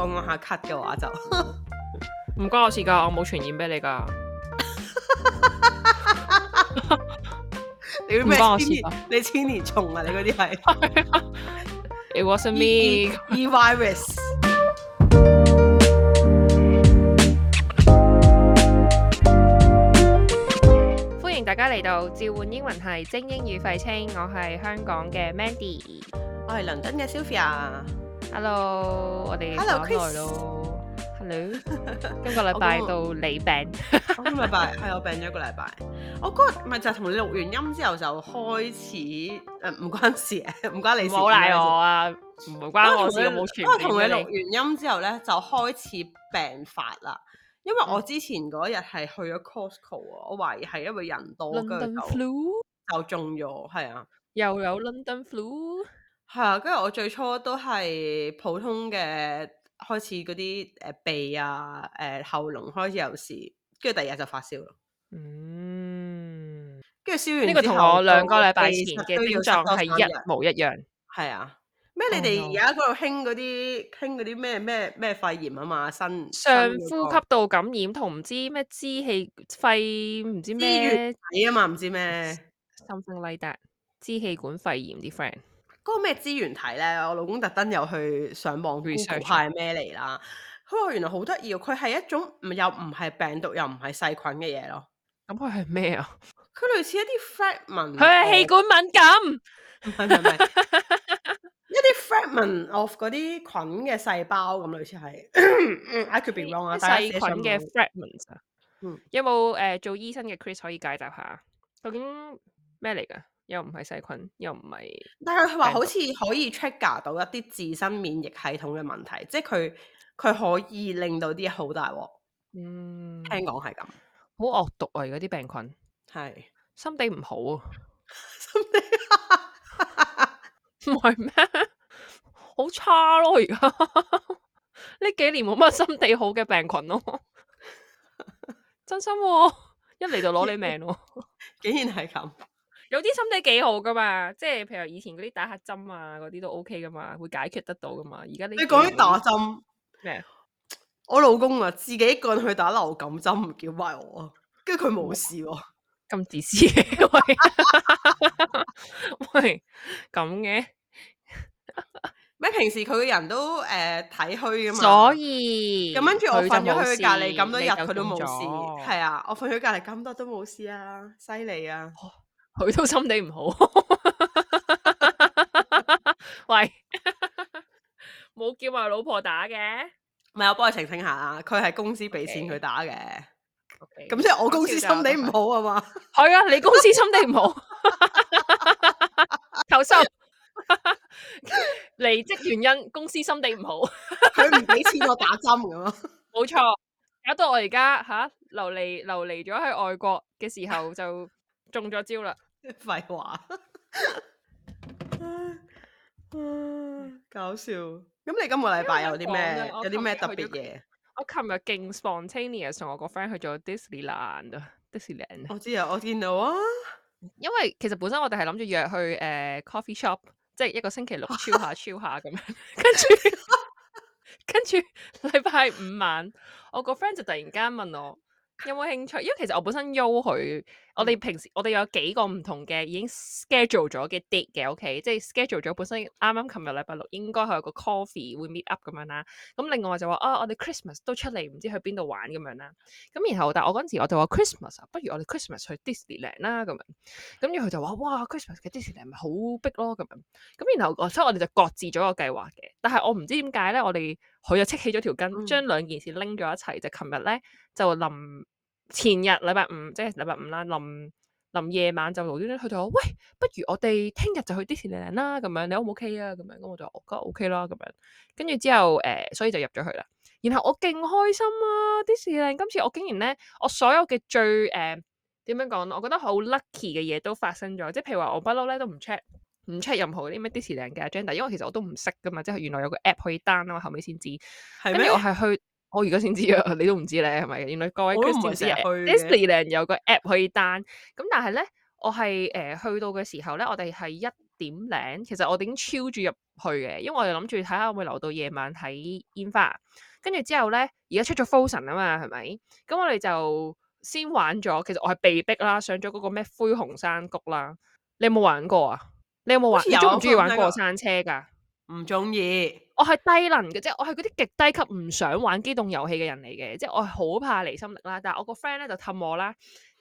按下咳嘅話就唔關我事噶，我冇傳染俾你噶。你幫我洗啦！你千年蟲啊，你嗰啲係。 It wasn't me. E virus、e, e。 歡迎大家嚟到《召喚英文系》精英與廢青，我係香港嘅 Mandy，我係倫敦嘅 Sylvia。Hello，我哋 Hello 等來咯。Hello，今個禮拜到你病， 哦、今個禮拜係我病咗一個禮拜。我嗰、那個咪就係、是、同你錄完音之後就開始，誒唔、嗯呃、關事唔、啊、關你事。唔好賴我啊，唔 關我事。不過 我同你錄 完音之後咧，就開始病發啦。因為我之前嗰日係去咗 Costco 啊，我懷疑係因為人多又有 London flu？又中咗，係啊， 又有 London flu。係啊，跟住我最初都係普通嘅開始嗰啲誒鼻啊、誒、呃、喉嚨開始有事，跟住第二日就發燒咯。嗯，跟住燒完呢個同我兩個禮拜前嘅症狀係一模一樣。係啊，咩你哋而家喺嗰度興嗰啲興啲咩咩咩肺炎啊嘛，新上呼吸道感染同唔知咩支氣肺唔知咩嘢啊嘛，唔知咩心生嚟得支氣管肺炎啲 friend。嗰個咩資源體咧？我老公特登又去上網 research 係咩嚟啦？佢話原來好得意，佢係一種又唔係病毒又唔係細菌嘅嘢咯。咁佢係咩啊？佢類似一啲 fragment，佢係氣管敏感，唔係唔係一啲 fragment of 嗰啲菌嘅細胞咁，類似係。 I could be wrong 啊，細菌嘅 fragment 啊。嗯、呃，有冇誒做醫生嘅 Chris 可以解答下？究竟咩嚟噶？又唔係細菌，又唔係，但係佢話好似可以 check 到一啲自身免疫系統嘅問題，嗯、即係佢佢可以令到啲好大鑊。嗯，聽講係咁，好惡毒啊！而家啲病菌係是心地唔好啊， 心地唔係咩？好 是 差咯、啊！而家呢幾年冇乜心地好嘅病菌咯、啊， 真心、啊、一嚟就攞你命咯、啊， 竟然係咁。有啲心地幾好噶嘛，即係譬如以前嗰啲打下針啊，嗰啲都 OK 噶嘛，會解決得到噶嘛。而家你講起打針咩？麼我老公啊，自己一個人去打流感針，唔叫埋我啊，跟住佢冇事喎，咁自私嘅喂，咁嘅咩？ 平時佢個人都誒睇，呃、虛噶嘛，所以咁跟住我瞓咗去隔籬咁多日，佢都冇事。係啊，我瞓咗隔籬咁多都冇事啊，犀利啊！佢都心地唔好。喂，冇叫埋老婆打嘅，唔係我幫你澄清下啦。佢係公司俾錢佢打嘅，咁即係我公司心地唔好啊嘛。係啊，你公司心地唔好，投訴。離職原因，公司心地唔好。佢唔俾錢我打針咁啊。冇錯，搞到我而家吓流離流離咗去外國嘅時候就中咗招啦。廢廢話， 搞笑。咁你今個禮拜有啲咩？有啲咩特別嘢？我琴日勁 spontaneous，同我個 friend 去咗 Disneyland 啊！Disneyland，我知啊，我見到啊。因為其實本身我哋係諗住約去誒、呃、coffee shop，即係一個星期六 chill 下 chill 下咁樣。 跟住着， 跟住禮拜五晚，我個 friend 就突然間問我有冇興趣，因為其實我本身邀佢。 我哋平時我哋有幾個唔同嘅已經 schedule 咗嘅 date 嘅，OK，即係 schedule 咗本身啱啱琴日禮拜六應該係有個 coffee 會 meet up 咁樣啦。咁另外就話啊，我哋 Christmas 都出嚟唔知去邊度玩咁樣啦。咁然後但係我嗰陣時我就話 Christmas 啊，不如我哋 Christmas 去迪士尼啦咁樣。咁然後佢就話哇，Christmas 嘅迪士尼咪好逼咯咁樣。咁然後所以我哋就各自咗個計劃嘅。但係我唔知點解咧，我哋佢又扯起咗條筋，將兩件事拎咗一齊、嗯。就琴日咧就臨。前日禮拜五，即係禮拜五啦，臨臨夜晚就無端端，佢就話喂，不如我哋聽日就去迪士尼啦咁樣，你 O 唔 OK 啊？咁樣，咁我就我覺得 OK 啦咁樣，跟住之後誒、呃，所以就入咗去啦。然後我勁開心啊！迪士尼今次我竟然咧，我所有嘅最誒點樣講咯，我覺得好 lucky 嘅嘢都發生咗，即係譬如話，我不嬲咧都唔 check 唔 check 任何啲咩迪士尼嘅 agenda，因為其實我都唔識㗎嘛，即係原來有個 app 可以 down 啦，嗎後尾先知，跟住我係去。我而家先知啊！你都唔知咧，係咪？原來各位佢先知。Disney 有個 app 可以 down。咁、嗯、但係咧，我係誒、呃、去到嘅時候咧，我哋係一點零。其實我哋已經超住入去嘅，因為我哋諗住睇下會唔會留到夜晚睇煙花。跟住之後咧，而家出咗 Frozen 啊嘛，係咪？咁我哋就先玩咗。其實我係被逼啦，上咗嗰個咩灰熊山谷啦。你有冇玩過啊？你有冇玩？你中唔中意玩過山車噶？唔中意。我係低能嘅，即係我係嗰啲極低級唔想玩機動遊戲嘅人嚟嘅，即係我係好怕離心力能啦。但係我個 friend 咧就氹我啦，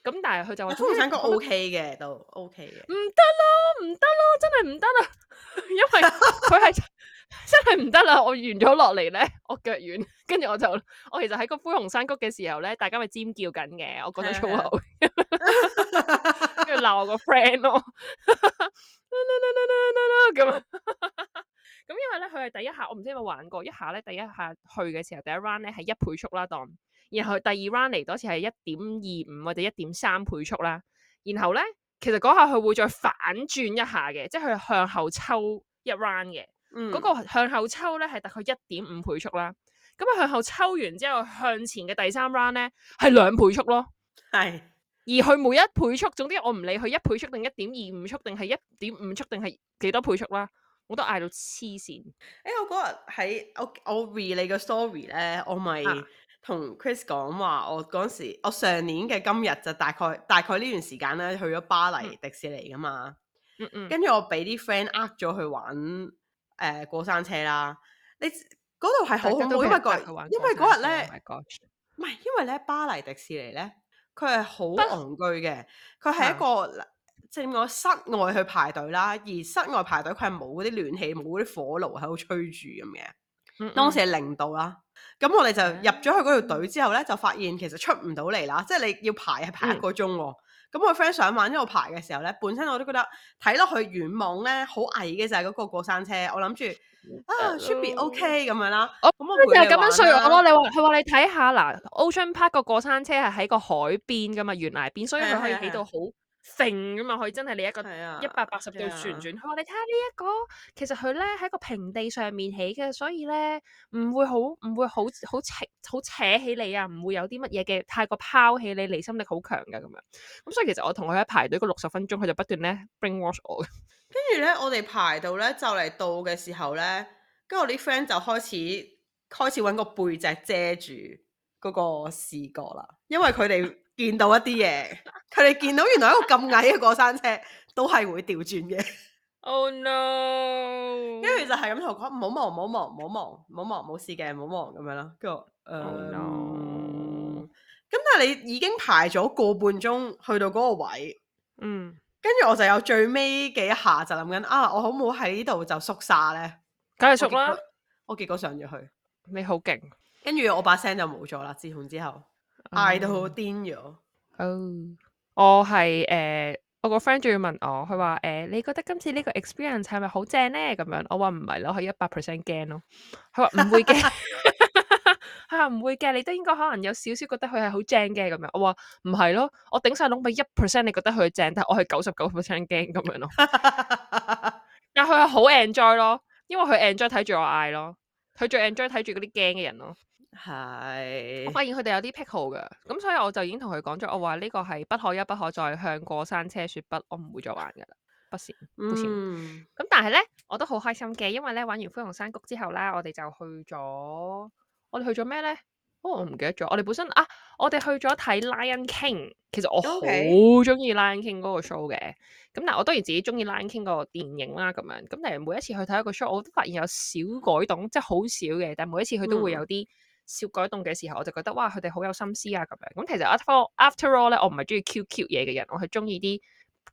咁但係佢就話中山個 O K 嘅都 O K 嘅，唔得咯，唔得咯，真係唔得啊！因為佢係 真係唔得啦，我完咗落嚟咧，我腳軟，跟住我就，我其實喺個灰熊山谷嘅時候咧，大家咪尖叫緊嘅，我講得粗口，跟住鬧我個 friend 咯。唔知有冇玩過？一下咧，第一下去嘅時候，第一 round 咧係一倍速啦，當然後第二 round 嚟嗰次係一點二五或者一點三倍速啦。然後咧，其實嗰下佢會再反轉一下嘅，即係佢向後抽一 round 嘅。嗰、嗯、個向後抽咧係大概一點五倍速啦。咁啊，向後抽完之後向前嘅第三 round 咧係兩倍速咯。係是，而佢每一倍速，總之我唔理佢一倍速定一點二五速定係一點五速定係幾多倍速啦。我都嗌到黐線！哎、欸，我嗰日喺我我 read 你個 story 咧，我咪同 Chris 講話，我嗰時我上年嘅今日就大概大概呢段時間咧去咗巴黎迪士尼噶嘛，跟住、嗯嗯、我俾啲 friend 呃咗去玩誒、呃、過山車啦，你嗰度係好好，因為嗰日因為嗰日咧，唔係因為咧巴黎迪士尼咧，佢係好狂居戇居嘅，佢係但一個。嗯.即係室外去排隊啦，而室外排隊佢係冇嗰啲暖氣，冇嗰啲火爐喺度吹住咁嘅。嗯嗯，當時係零度啦，咁我哋就入咗去嗰條隊之後咧，就發現其實出唔到嚟啦。即係你要排係排一個鐘，喔。咁、嗯、我 friend 想玩呢個排嘅時候咧，本身我都覺得睇落去遠望咧好矮嘅就係嗰個過山車。我諗住啊，should be OK 咁樣啦。咁我咪就咁樣衰我咯。你話佢話你睇下嗱、呃、Ocean Park 個過山車係喺個海邊噶嘛，懸崖邊，所以佢可以起到好。剩噶嘛，佢真係你一個一百八十度旋轉。我哋睇下呢一個，其實佢咧喺個平地上面起嘅，所以咧唔會好唔會好好扯好扯起你啊，唔會有啲乜嘢嘅太過拋起你，離心力好強噶咁樣。咁、嗯、所以其實我同佢喺排隊嗰六十分鐘，佢就不斷咧 brainwash 我。跟住咧，我哋排呢到咧就嚟到嘅時候咧，跟住我啲 friend 就開始開始揾個背脊遮住嗰個視角啦，因為佢哋。見到一啲嘢，佢哋見到原來一個咁矮嘅過山車都係會掉轉嘅。 Oh no！跟住就係咁同我講，唔好忙，唔好忙，唔好忙，唔好忙，冇事嘅，唔好忙咁樣啦。跟住，誒、呃、咁、oh、no. 但係你已經排咗個半鐘去到嗰個位，嗯，跟住我就有最尾幾下就諗緊啊，我好唔好喺呢度就縮沙呢？梗係縮啦我！我結果上咗去，你好勁。跟住我把聲就冇咗啦，自從之後。嗌到好癲咗。哦、oh. oh. 呃，我係誒，我個 friend 仲要問我，佢話誒，你覺得今次個經驗是是呢個 experience 係咪好正咧？咁樣，我話唔係咯，係一百 percent 驚咯。佢話唔會驚，佢話唔會驚，你都應該可能有少少覺得佢係好正嘅。咁樣，我話唔係咯，我頂晒窿咪一 percent，你覺得佢正，但係我係九十九 percent 驚咁樣咯。 但佢係好 enjoy 咯，因為佢 enjoy 睇住我嗌咯，佢最 enjoy 睇住嗰啲驚嘅人咯。係，是我發現佢哋有啲癖好嘅，咁所以我就已經同佢講咗，我話呢個係不可一不可再，向過山車說不，我唔會再玩噶啦，唔係，唔係。咁但係咧，我都好開心嘅，因為咧玩完灰熊山谷之後咧，我哋就去咗，我哋去咗咩咧？哦，我唔記得咗。嗯、我哋本身啊，我哋去咗睇《Lion King》，其實我好中意《Lion King》嗰、那個 show 嘅。咁嗱 Okay，但我當然自己中意《Lion King》嗰個電影啦，咁樣。咁但係每一次去睇一個 show，我都發現有少改動，即係好少嘅，但係每一次佢都會有啲、嗯。小改動嘅時候，我就覺得哇，佢哋好有心思啊咁樣。咁其實 after all 咧，我唔係中意 Q Q 嘢嘅人，我係中意啲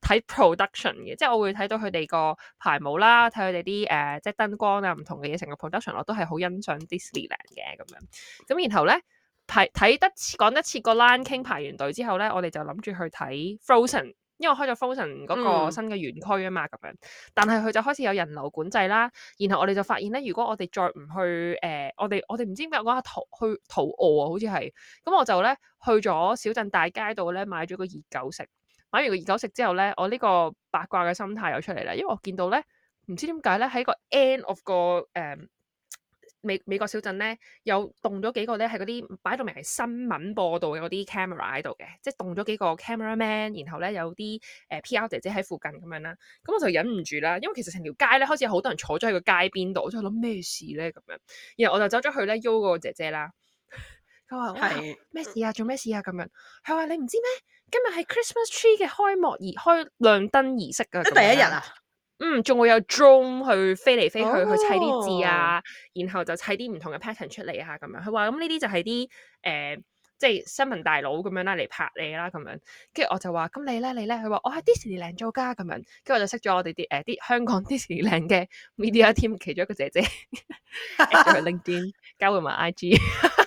睇 production 嘅，即係我會睇到佢哋個排舞啦，睇佢哋啲誒即係燈光啊，唔同嘅嘢成個 production，我都係好欣賞 Disneyland 嘅咁樣。咁然後咧排睇得講得切個 Lion King 排完隊之後咧，我哋就諗住去睇 Frozen。因為開咗 Frozen 嗰個新嘅園區啊嘛、嗯，咁樣，但係佢就開始有人流管制啦。然後我哋就發現咧，如果我哋再唔去誒、呃，我哋我哋唔知點解我嗰下土去土澳啊，好似係。咁、嗯、我就咧去咗小鎮大街度咧買咗個熱狗食。買完個熱狗食之後咧，我呢個八卦嘅心態又出嚟啦。因為我見到咧，唔知點解咧喺個 end of 個誒。美美國小鎮咧，有動咗幾個咧，係嗰啲擺到明係新聞播到嘅嗰啲 camera 喺度嘅，即係動咗幾個 cameraman，然後咧有啲誒、呃、PR 姐姐喺附近咁樣啦，咁我就忍唔住啦，因為其實成條街咧開始有好多人坐咗喺個街邊度，我真係諗咩事咧咁樣，然後我就走咗去咧邀個姐姐啦，佢話我我，咩事啊？做咩事啊？咁樣，佢話你唔知咩？今日係 Christmas tree 嘅開幕儀、開亮燈儀式嘅，第一日啊！嗯，仲會有 drone 去飛嚟飛去，哦、去砌啲字啊，然後就砌啲唔同嘅 pattern 出嚟啊，咁樣。佢話咁呢啲就係啲誒，即係新聞大佬咁樣啦嚟拍你啦，咁樣。跟住我就話咁你咧，你咧，佢話我喺 Disneyland 做噶、啊，咁樣。跟住我就識咗我哋啲誒，啲、呃、香港 Disneyland 嘅 media team 其中一個姐姐，喺 LinkedIn 交換埋 IG。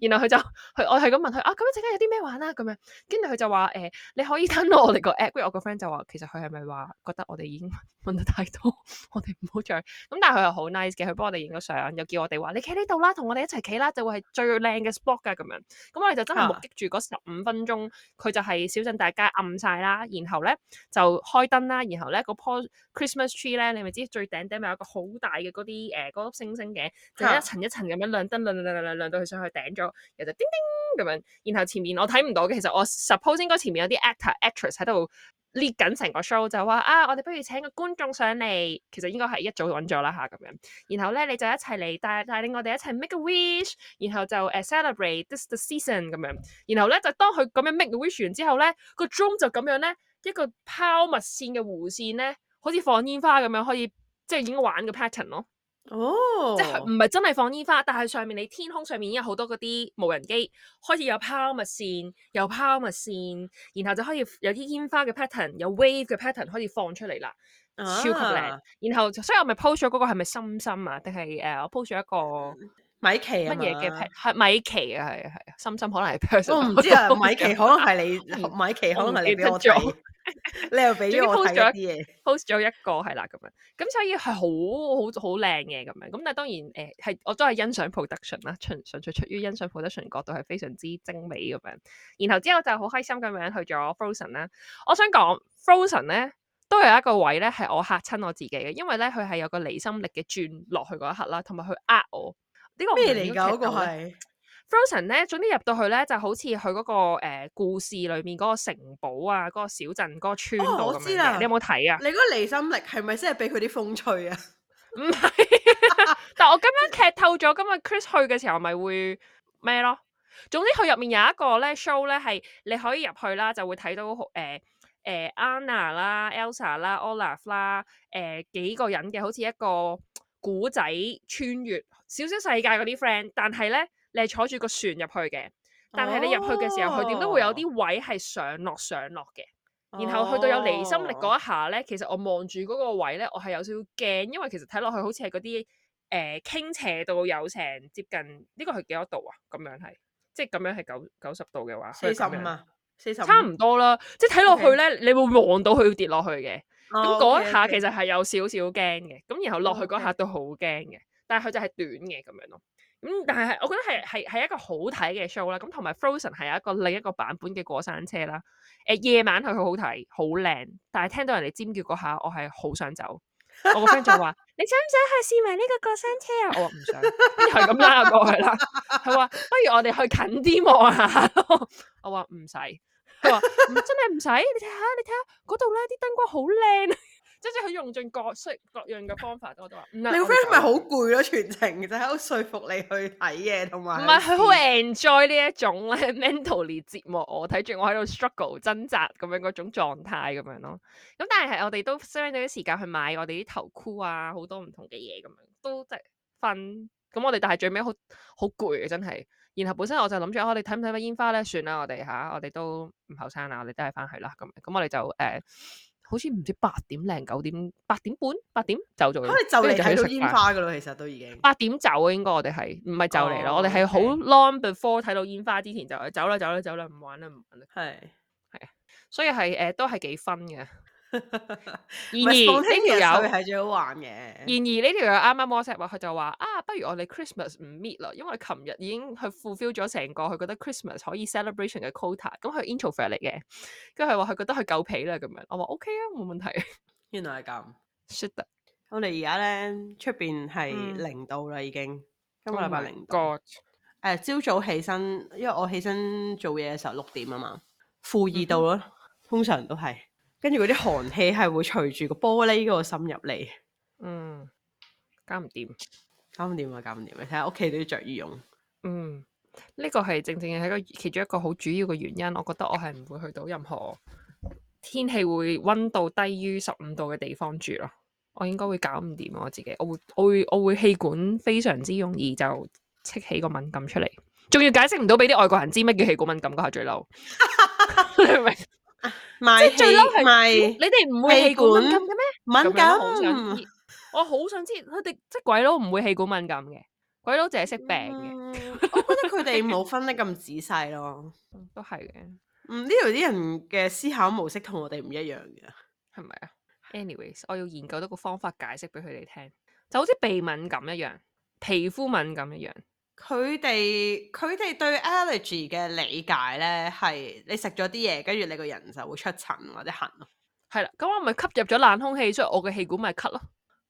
然後佢就佢我係咁問佢啊，咁樣陣間有啲咩玩啦咁樣，跟住佢就話誒你可以 download 我哋個 app，我個 friend 就話其實佢係咪話覺得我哋已經問得太多，我哋唔好再咁，但係佢又好 nice 嘅，佢幫我哋影咗相，又叫我哋話你企呢度啦，同我哋一齊企啦，就會係最靚嘅 spot 噶咁樣，咁我哋就真係目擊住嗰十五分鐘，佢就係小鎮大街暗晒啦，然後咧就開燈啦，然後咧嗰棵 Christmas tree 咧，你咪知最頂頂咪有個好大嘅嗰啲誒嗰粒星星嘅，就一層一層咁樣亮燈亮亮亮亮亮到佢上去頂。咗，然後叮叮咁樣，然後前面我睇唔到嘅，其實我 suppose 應該前面有啲 actor、actress 喺度列緊成個 show，就話啊，我哋不如請個觀眾上嚟，其實應該係一早揾咗啦嚇咁樣。然後咧，你就一齊嚟帶帶領我哋一齊 make a wish，然後就誒 celebrate this the season 咁樣。然後咧就當佢咁樣 make a wish 完之後咧，個鐘就咁樣咧一個拋物線嘅弧線咧，好似放煙花咁樣，可以即係已經玩個 pattern 咯。哦，oh. 即係唔係真係放煙花，但係上面你天空上面已經好多嗰啲無人機開始有拋物線，有拋物線，然後就可以有啲煙花嘅 pattern，有 wave 嘅 pattern 可以放出嚟啦，ah. 超級靚。然後所以我咪 post 咗嗰、嗰個係咪心心啊？定係誒，uh, 我 post 咗一個。米奇啊，乜嘢嘅係米奇啊，係係啊，深深可能係 person，唔知米奇可能係你，米奇可能係你俾你又俾咗我睇咗啲嘢 ，post 咗一個係啦咁樣，咁 所以係好好好靚嘅咁樣，咁但係當然誒係、欸，我都係欣賞 production 啦，純粹出於欣賞 production 角度係非常之精美咁樣，然後之後就好開心咁樣去咗 Frozen 啦，我想講 Frozen 咧都有一個位咧係我嚇親我自己嘅，因為咧佢係有個離心力嘅轉落去嗰一刻啦，同埋佢呃我。呢個咩嚟噶嗰個係 Frozen 咧，總之入到去咧就好似佢嗰個誒、呃、故事裏面嗰、那個城堡啊，嗰、那個小鎮、嗰、那個村、哦。我知啦，你有冇睇啊？你嗰個離心力係咪真係俾佢啲風吹啊？唔係 不是， 但係我劇 今日劇透咗，今日 Chris 去嘅時候咪、就是、會咩咯？總之佢入面有一個咧 show 咧，係你可以入去啦，就會睇到誒誒、呃呃、Anna 啦、Elsa 啦、Olaf 啦，誒、呃、幾個人嘅好似一個古仔穿越。少少世界嗰啲 friend，但係咧，你係坐住個船入去嘅。但係你入去嘅時候，佢點、哦、都會有啲位係上落上落嘅。哦、然後去到有離心力嗰一下咧，其實我望住嗰個位咧，我係有少少驚，因為其實睇落去好似係嗰啲誒傾斜度有成接近呢、呢個係幾多度啊？咁樣係，即係咁樣係九九十度嘅話，四十五啊，四十差唔多啦。okay. 即係睇落去咧，你會望到佢要跌落去嘅。咁嗰、oh, okay , okay. 一下其實係有少少驚嘅。咁然後落去嗰下都好驚嘅。Okay. 但係佢就係短嘅咁樣咯，咁但係我覺得係係係一個好睇嘅 show 啦，咁同埋 Frozen 係有一個另一個版本嘅過山車啦，誒、呃、夜晚係好睇，好靚，但係聽到人哋尖叫嗰下，我係好想走。我個 friend 就話： 你想唔想去試埋呢個過山車啊？我話唔想，係咁啦，拉過去啦。佢話：不如我哋去近啲望下。 我話唔使。佢話：真係唔使。你睇下，你睇下嗰度咧啲燈光好靚。即係佢用盡各式各樣嘅方法，我都話。你個 friend 咪好攰咯？全程就喺度說服你去睇嘢，同埋唔係佢好 enjoy 呢一種咧 ，mentally 折磨我，睇住我喺度 struggle 掙扎咁樣嗰種狀態咁樣咯。咁但係係我哋都 spend 咗啲時間去買我哋啲頭箍啊，好多唔同嘅嘢咁樣，都即係瞓咁我哋，但係最尾好好攰嘅真係。然後本身我就諗住我哋睇唔睇到煙花咧？算啦，我哋吓，我哋都唔後生啊，我哋都係翻去啦。咁咁我哋就誒。呃好似唔知八點零九點八點半、八點就做嘅，咁你就嚟睇到煙花㗎喇，其實都已經八點走啊，應該我哋係唔係就嚟咯？Oh, okay. 我哋係好 long before 睇到煙花之前就走啦，走啦，走啦，唔玩啦，唔玩啦，係係啊，所以係誒、呃、都係幾分嘅。然 而呢條友係最好玩嘅。然而呢條友啱啱 WhatsApp 話，佢就話啊，不如我哋 Christmas 唔 meet 啦，因為琴日已經佢 fulfill 咗成個佢覺得 Christmas 可以 celebration 嘅 quota。咁佢 introvert 嚟嘅，跟住佢話佢覺得佢夠皮啦咁樣。我話 OK 啊，冇問題。原來係咁。shit， 我哋而家咧出邊係零度啦，已經、嗯、今個禮拜零。誒，朝早起身，因為我起身做嘢嘅時候六點啊嘛，負二度咯，mm hmm。通常都係。跟住嗰啲寒氣係會隨住個玻璃嗰個滲入嚟，嗯，搞唔掂，搞唔掂啊，搞唔掂啊！你睇下屋企都要着羽絨，嗯，呢個係正正係一個其中一個好主要嘅原因。我覺得我係唔會去到任何天氣會溫度低於十五度嘅地方住咯。我應該會搞唔掂啊，我自己，我會我會我會氣管非常之容易就戚起個敏感出嚟，仲要解釋唔到俾啲外國人知乜叫氣管敏感，我係最嬲，你明？啊、即係最嬲係，買你哋唔會氣管敏感嘅咩？敏感，想我好想知佢哋即係鬼佬唔會氣管敏感嘅，鬼佬淨係識病嘅。嗯、 我覺得佢哋冇分得咁仔細咯、嗯，都係嘅。嗯，呢度啲人嘅思考模式同我哋唔一樣嘅，係咪啊？Anyways，我要研究一個方法解釋俾佢哋聽，就好似鼻敏感一樣，皮膚敏感一樣。佢哋，佢哋對 allergy 嘅理解咧，係你食咗啲嘢，跟住你個人就會出疹或者痕咯。係啦，咁我咪吸入咗冷空氣，所以我嘅氣管咪咳咯。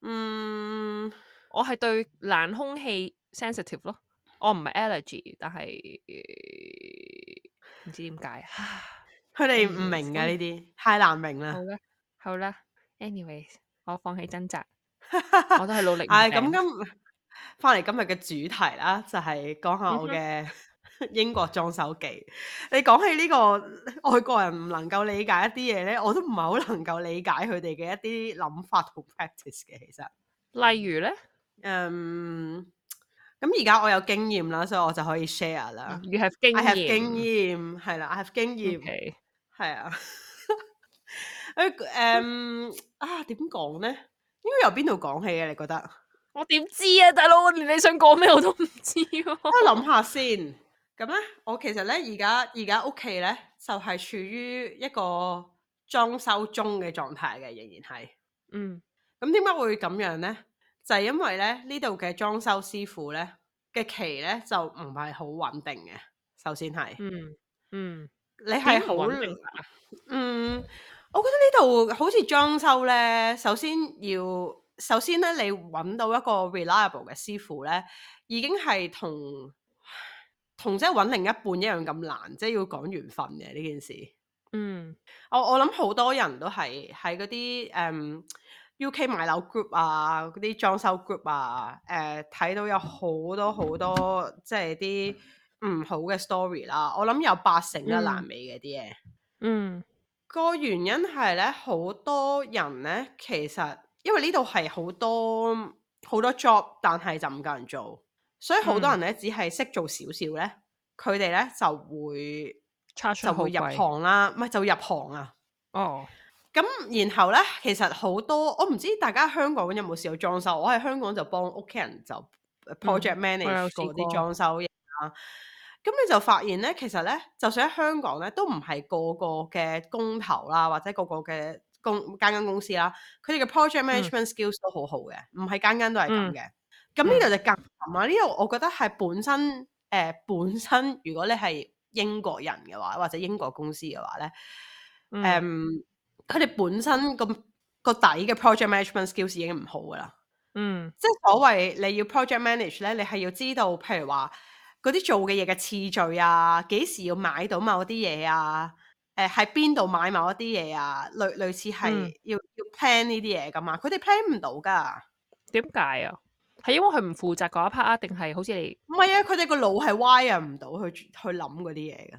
嗯，我係對冷空氣 sensitive 咯。我唔係 allergy，但係唔知點解啊。佢哋唔明㗎呢啲，太難明啦。好啦，好啦，anyway，我放棄掙扎， 我都係努力。係咁咁。翻嚟今日嘅主題啦，就係、是、講下我嘅、嗯、哼 英國裝修記。你講起呢、這個外國人唔能夠理解一啲嘢咧，我都唔係好能夠理解佢哋嘅一啲諗法同 practice 嘅。其實，例如咧，嗯，咁而家我有經驗啦，所以我就可以 share 啦。You have 經驗，I have 經驗，係啦，I have 經驗，係啊。誒，誒，啊，點講咧？應該由邊度講起啊？你覺得？我點知啊，大佬，連你想講咩我都唔知，啊。我諗下先想想，咁咧，我其實咧，而家而家屋企咧就係處於一個裝修中嘅狀態嘅，仍然係。然嗯。咁點解會咁樣咧？就係、是、因為咧，呢度嘅裝修師傅咧嘅期咧就唔係好穩定嘅。首先係。嗯。嗯。你係好穩定啊？嗯，我覺得呢度好似裝修咧，首先要。首先咧，你揾到一個 reliable 嘅師傅咧，已經係同同即係揾另一半一樣咁難，即係要講緣分嘅呢件事。嗯，我我諗好多人都係喺嗰啲誒 UK 買樓 group 啊，嗰啲裝修 group 啊，誒、呃、睇到有好多好多即係啲唔好嘅 story 啦。我諗有八成都爛尾嘅啲嘢。嗯，個原因係咧，好多人咧其實。因為呢度係好多好多 job，但係就唔夠人做，所以好多人咧、嗯、只係識做少少咧，佢哋咧就會就會入行啦，唔係就入行啊。哦，咁然後咧，其實好多我唔知大家香港有冇試過裝修？我喺香港就幫屋企人就 project manage 嗰啲裝修嘢啦。咁你就發現咧，其實咧，就算喺香港咧，都唔係個個嘅工頭啦，或者個個嘅。公間間公司啦，佢哋嘅 project management skills 都好好嘅，唔係間間都係咁嘅。咁呢度就更啊。呢度我覺得係本身誒本身，呃、本身如果你係英國人嘅話，或者英國公司嘅話咧，誒、嗯，佢哋、嗯、本身咁個，個底嘅 project management skills 已經唔好噶啦。嗯，即係所謂你要 project manage 咧，你係要知道，譬如話嗰啲做嘅嘢嘅次序啊，幾時要買到某啲嘢啊。誒喺邊度買某一啲嘢啊？類類似係要要 plan 呢啲嘢噶嘛？佢哋 plan 唔到噶。點解啊？係、啊哦、因為佢唔負責嗰一 part 啊？定係好似你？唔係啊！佢哋個腦係 wire 唔到去去諗嗰啲嘢噶。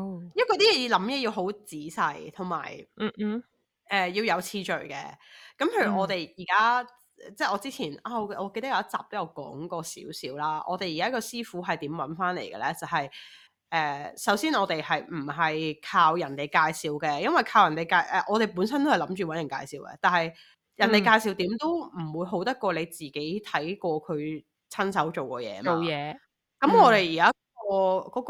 哦。因為嗰啲嘢要諗嘢要好仔細，同埋嗯嗯誒、呃、要有次序嘅。咁譬如我哋而家即係我之前啊，我我記得有一集都有講過少少啦。我哋而家個師傅係點揾返嚟嘅咧？就係、是。誒、呃，首先我哋係唔係靠人哋介紹嘅？因為靠人哋介誒、呃，我哋本身都係諗住揾人介紹嘅。但係、嗯、人哋介紹點都唔會好得過你自己睇過佢親手做過嘢嘛。做嘢。咁、嗯、我哋而家個嗰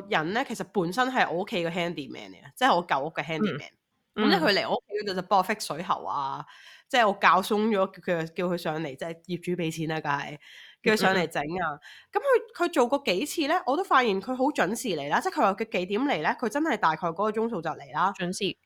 個人咧，其實本身係我屋企嘅 handyman 嚟嘅，即、嗯、係我舊屋嘅 handyman。咁咧佢嚟我屋企嗰度就幫我 fit 水喉啊，即係我教鬆咗佢，叫佢上嚟，即係業主俾錢啦、啊，梗係。叫佢上嚟整啊！咁佢佢做過幾次咧，我都發現佢好準時嚟啦。即係佢話佢幾點嚟咧，佢真係大概嗰個鐘數就嚟啦。準時。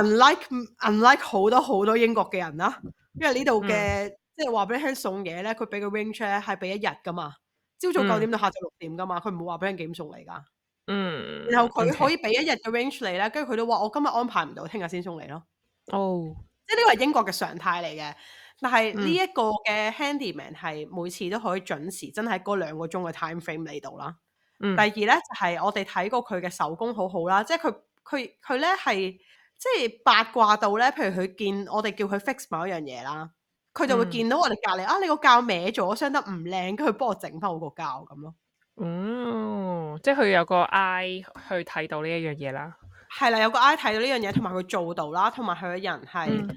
Unlike unlike 好多好多英國嘅人啦，因為、嗯、呢度嘅即係話俾你聽送嘢咧，佢俾個 range 咧係俾一日噶嘛。朝早九點到下晝六點噶嘛，佢唔會話俾人幾點送嚟噶。嗯。然後佢可以俾一日嘅 range 嚟咧，跟住佢都話我今日安排唔到，聽日先送嚟咯。哦。即係呢個係英國嘅常態嚟嘅。但係呢一個嘅 handyman 係每次都可以準時，真係嗰兩個鐘嘅 time frame 嚟到啦。嗯、第二呢就係、是、我哋睇過佢嘅手工好好啦，即係佢佢佢呢係即係八卦到呢，譬如佢見我哋叫佢 fix 某一樣嘢啦，佢就會見到我哋隔離啊，你個膠歪咗，傷得唔靚，跟住佢幫我整翻我個膠咁咯。嗯，即係佢有個 eye 去睇到呢一樣嘢啦。係啦，有個 eye 睇到呢樣嘢，同埋佢做到啦，同埋佢嘅人係、嗯。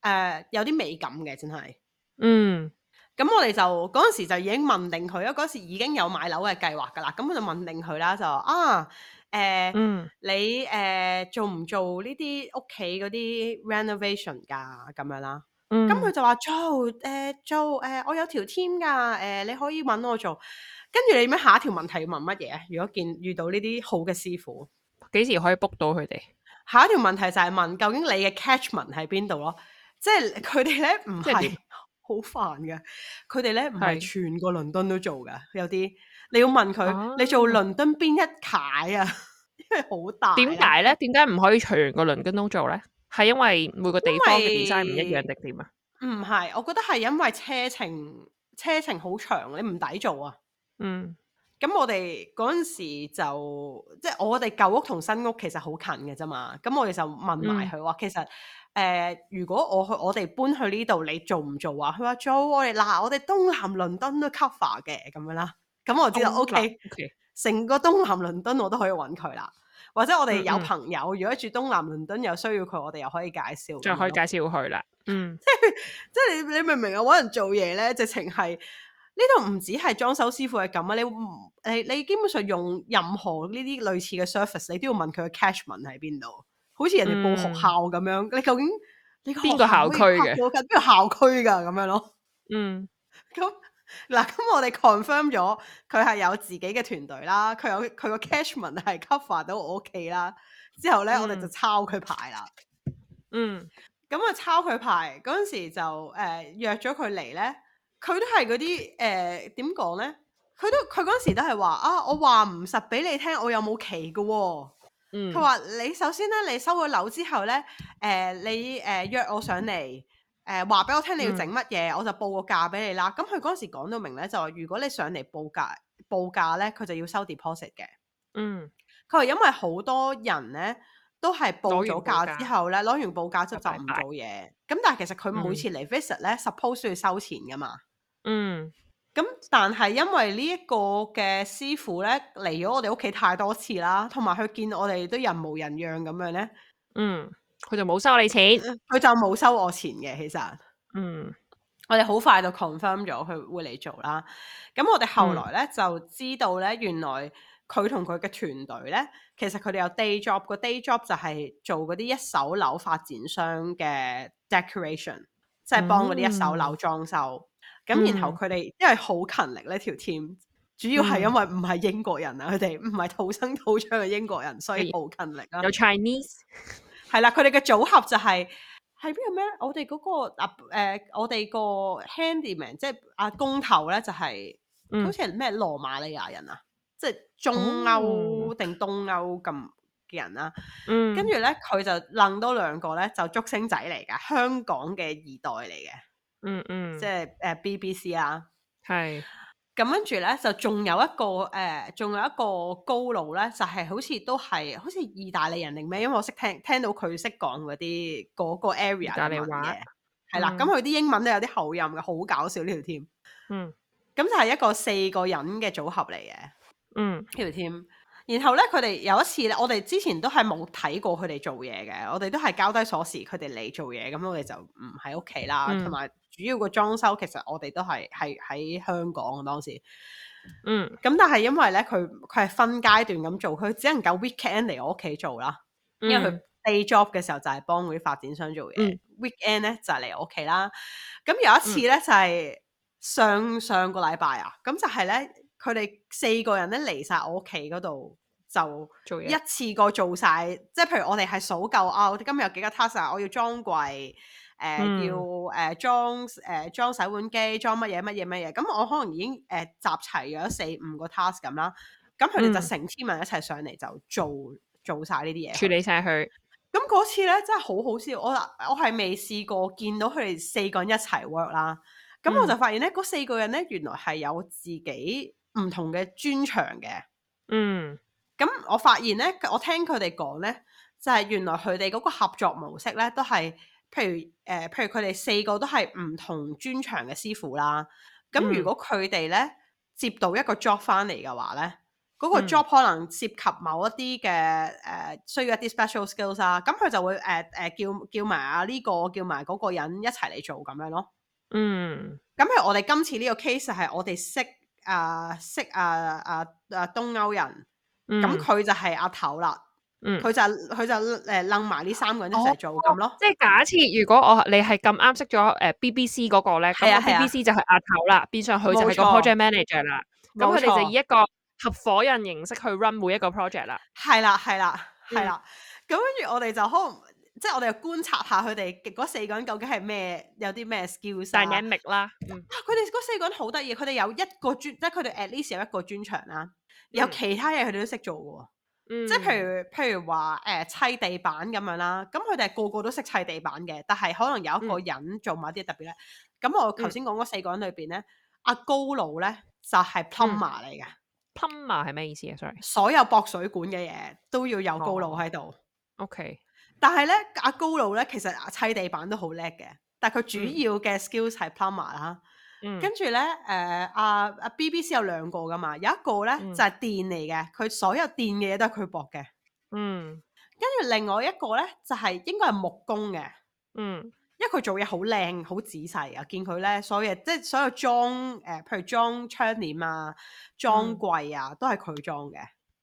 誒，uh, 有啲美感嘅真係，嗯，咁我我哋就嗰陣時就已經問定佢啦，嗰時已經有買樓嘅計劃噶啦，咁我就問定佢啦，就啊，誒、啊，啊嗯、你誒、啊、做唔做呢啲屋企嗰啲 renovation 噶咁樣啦？咁佢、嗯、就話做，誒、呃、做，誒、呃、我有條 team 噶，誒、呃、你可以搵我做，跟住你咩下一條問題要問乜嘢？如果見遇到呢啲好嘅師傅，幾時可以 book 到佢哋？下一條問題就係問究竟你嘅 catchment 喺邊度咯？即係佢哋咧，唔係好煩嘅，佢哋咧，唔係全個倫敦都做嘅，的有啲你要問佢，啊、你做倫敦邊一棟啊？因 為好大了。點解咧？點解唔可以全個倫敦都做咧？係因為每個地方嘅 design 唔一樣定點啊？唔係，我覺得係因為車程車程好長，你唔抵做啊。嗯。咁我哋嗰陣時就即係我哋舊屋同新屋其實好近嘅啫嘛。咁我哋就問埋佢話其實。嗯誒、呃，如果我去我哋搬去呢度，你做唔做啊？佢話做，我哋嗱我哋東南倫敦都 cover 嘅咁樣啦。咁我就知道，OK，成個東南倫敦我都可以搵佢啦。或者我哋有朋友、嗯、如果住東南倫敦又需要佢，我哋又可以介紹，就可以介紹佢啦。嗯， 即係即係你你明唔明啊？搵人做嘢咧，直情係呢度唔止係裝修師傅係咁啊！你你你，你基本上用任何呢啲類似嘅 surface 你都要問佢嘅 catchment 喺邊度。好似人哋報學校咁樣，嗯、你究竟你邊個校區嘅？我邊個校區噶咁樣咯。嗯，咁嗱， 咁我哋 confirm 咗佢係有自己嘅團隊啦，佢有佢個 catchment 係 cover 到我屋企啦。之後咧，我哋就抄佢牌啦，嗯。嗯，咁啊，抄佢牌嗰陣時就誒、呃、約咗佢嚟咧，佢都係嗰啲誒點講咧？佢、呃、都佢嗰陣時都係話啊，我話唔實俾你聽，我有冇棋噶？佢話、嗯、你首先咧，你收咗樓之後咧，誒、呃，你誒、呃、約我上嚟，誒話俾我聽你要整乜嘢，嗯、我就報個價俾你啦。咁佢嗰時講到明咧，就話如果你上嚟報價報價咧，佢就要收 deposit 嘅。嗯，佢話因為好多人咧都係報咗價之後咧攞完報價之後就就唔做嘢。咁拜但係其實佢每次嚟 visit 咧，suppose、嗯、要收錢噶嘛。嗯。咁但係因為呢一個嘅師傅咧，嚟咗我哋屋企太多次啦，同埋佢見我哋都人模人樣咁樣咧，嗯，佢就冇收你錢，佢就冇收我錢嘅其實，嗯，我哋好快就 confirm 咗佢會嚟做啦。咁我哋後來咧、嗯、就知道咧，原來佢同佢嘅團隊咧，其實佢哋有 day job，個 day job 就係做嗰啲一手樓發展商嘅 decoration，即係幫嗰啲一手樓裝修。嗯咁然後佢哋因為好勤力呢條 team 主要係因為唔係英國人啊，佢哋唔係土生土長嘅英國人，所以好勤力啊。有 Chinese 係啦，佢哋嘅組合就係係邊個咩？我哋嗰、嗰個啊誒、呃，我哋個 handyman，即係阿工頭咧，就係、係嗯、好似係咩羅馬尼亞人啊，即係中歐定、嗯、東歐咁嘅人啦、啊。跟住咧，佢就揈多兩個咧，就竹、係、升仔嚟嘅，香港嘅二代嚟嘅。嗯嗯，嗯即係誒 B B C 啦，係咁跟住咧就仲有一個誒仲、uh, 有一個高佬咧，就係、是、好似都係好似意大利人定咩？因為我識聽聽到佢識講嗰啲嗰個 area 嘅話嘅，係啦。咁佢啲英文都有啲口音嘅，好搞笑呢條 team。的嗯，咁、嗯嗯、就係、是、一個四個人嘅組合嚟嘅。嗯，呢條 team。然後咧，佢哋有一次，我哋之前都係冇睇過佢哋做嘢嘅，我哋都係交低鎖匙，佢哋嚟做嘢，咁我哋就唔喺屋企啦，同埋、嗯。主要個裝修其實我哋都係係喺香港嗰陣時，嗯，咁但係因為咧佢佢係分階段咁做，佢只能夠 weekend 嚟我屋企做啦。嗯、因為佢 day job 嘅時候就係幫嗰啲發展商做嘢，weekend 咧就係嚟我屋企啦。咁有一次咧、嗯、就係上上個禮拜啊，咁就係咧佢哋四個人咧嚟晒我屋企嗰度，就做一次過做晒，即係事譬如我哋係數夠啊，我哋今日有幾個 task 啊，我要裝櫃。誒、呃、要誒、呃、裝誒、呃、裝洗碗機，裝乜嘢乜嘢乜嘢咁。我可能已經誒、呃、集齊咗四五個 task 咁啦。咁佢哋就成千萬一齊上嚟就做、嗯、做曬呢啲嘢，處理晒佢。咁嗰次咧真係好好笑。我我係未試過見到佢哋四個人一齊 work 啦。咁我就發現咧，嗰、嗯、四個人咧原來係有自己唔同嘅專長嘅。嗯，咁我發現咧，我聽佢哋講咧，就係、是、原來佢哋嗰個合作模式咧都係。譬如誒、呃，譬如佢哋四個都係唔同專長嘅師傅啦。咁、嗯、如果佢哋咧接到一個 job 翻嚟嘅話咧，嗰、那個 job 可能涉及某一啲嘅誒需要一啲 special skills 啦。咁佢就會誒誒、呃呃、叫叫埋阿呢個叫埋嗰個人一齊嚟做咁樣咯。嗯。咁譬如我哋今次呢個 case 係我哋識啊識啊啊啊東歐人，咁佢、嗯、就係阿頭啦。嗯，佢就佢就誒掹埋呢三個人一齊做咁、哦、咯。即係假設如果我你係咁啱識咗誒、呃、BBC 嗰個咧，咁、啊、BBC、啊、就係阿頭啦，變上佢就係個 project manager 啦。咁佢哋就以一個合夥人形式去 run 每一個 project 啦。係啦係啦係啦。咁跟住我哋就可能即係我哋觀察下佢哋嗰四個人究竟係咩，有啲咩 skills dynamic 啦。佢哋嗰四個人好得意，佢哋有一個專，即係佢哋 at least 有一個專長啦，有其他嘢佢哋都識做嘅。嗯嗯、即係譬如譬如話誒、呃、砌地板咁樣啦，咁佢哋個個都識砌地板嘅，但係可能有一個人做埋啲特別咧。咁、嗯、我頭先講嗰四個人裏邊咧，阿、嗯啊、高佬咧就係、是、plumber 嚟嘅。嗯、plumber 係咩意思啊？sorry，所有博水管嘅嘢都要有高佬喺度。OK，但係咧阿高佬咧其實啊砌地板都好叻嘅，但係佢主要嘅 skills 係 plumber 啦、嗯。跟住咧，誒、呃、阿阿、啊啊、BBC 有兩個㗎嘛，有一個咧、嗯、就係電嚟嘅，佢所有電嘅嘢都係佢駁嘅。嗯，跟住另外一個咧就係、是、應該係木工嘅。嗯，因為佢做嘢好靚，好仔細啊。我見佢咧，所有即係所有裝誒，譬、呃、如裝窗簾啊、裝櫃啊，都係佢裝嘅。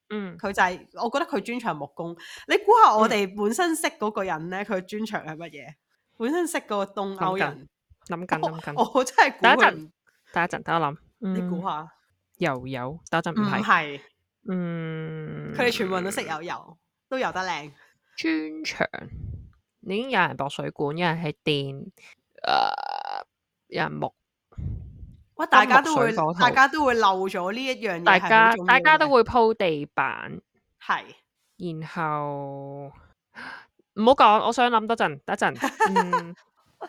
嗯，佢、嗯、就係、是、我覺得佢專長木工。你估下我哋本身識嗰個人咧，佢專長係乜嘢？本身識嗰個東歐人。諗緊諗緊，我真係等一陣，等一陣，等我諗。你估下，嗯、下油油，等一陣唔係，唔係，是嗯，佢哋全部人都識有油，油，嗯、都油得靚。專長，已經有人落水管，有人係電，誒、呃，有人木。哇！大家，大家都會，大家都會漏咗呢一樣嘢。大家，大家都會鋪地板。係是，然後唔好講，我想諗多陣，等一陣。嗯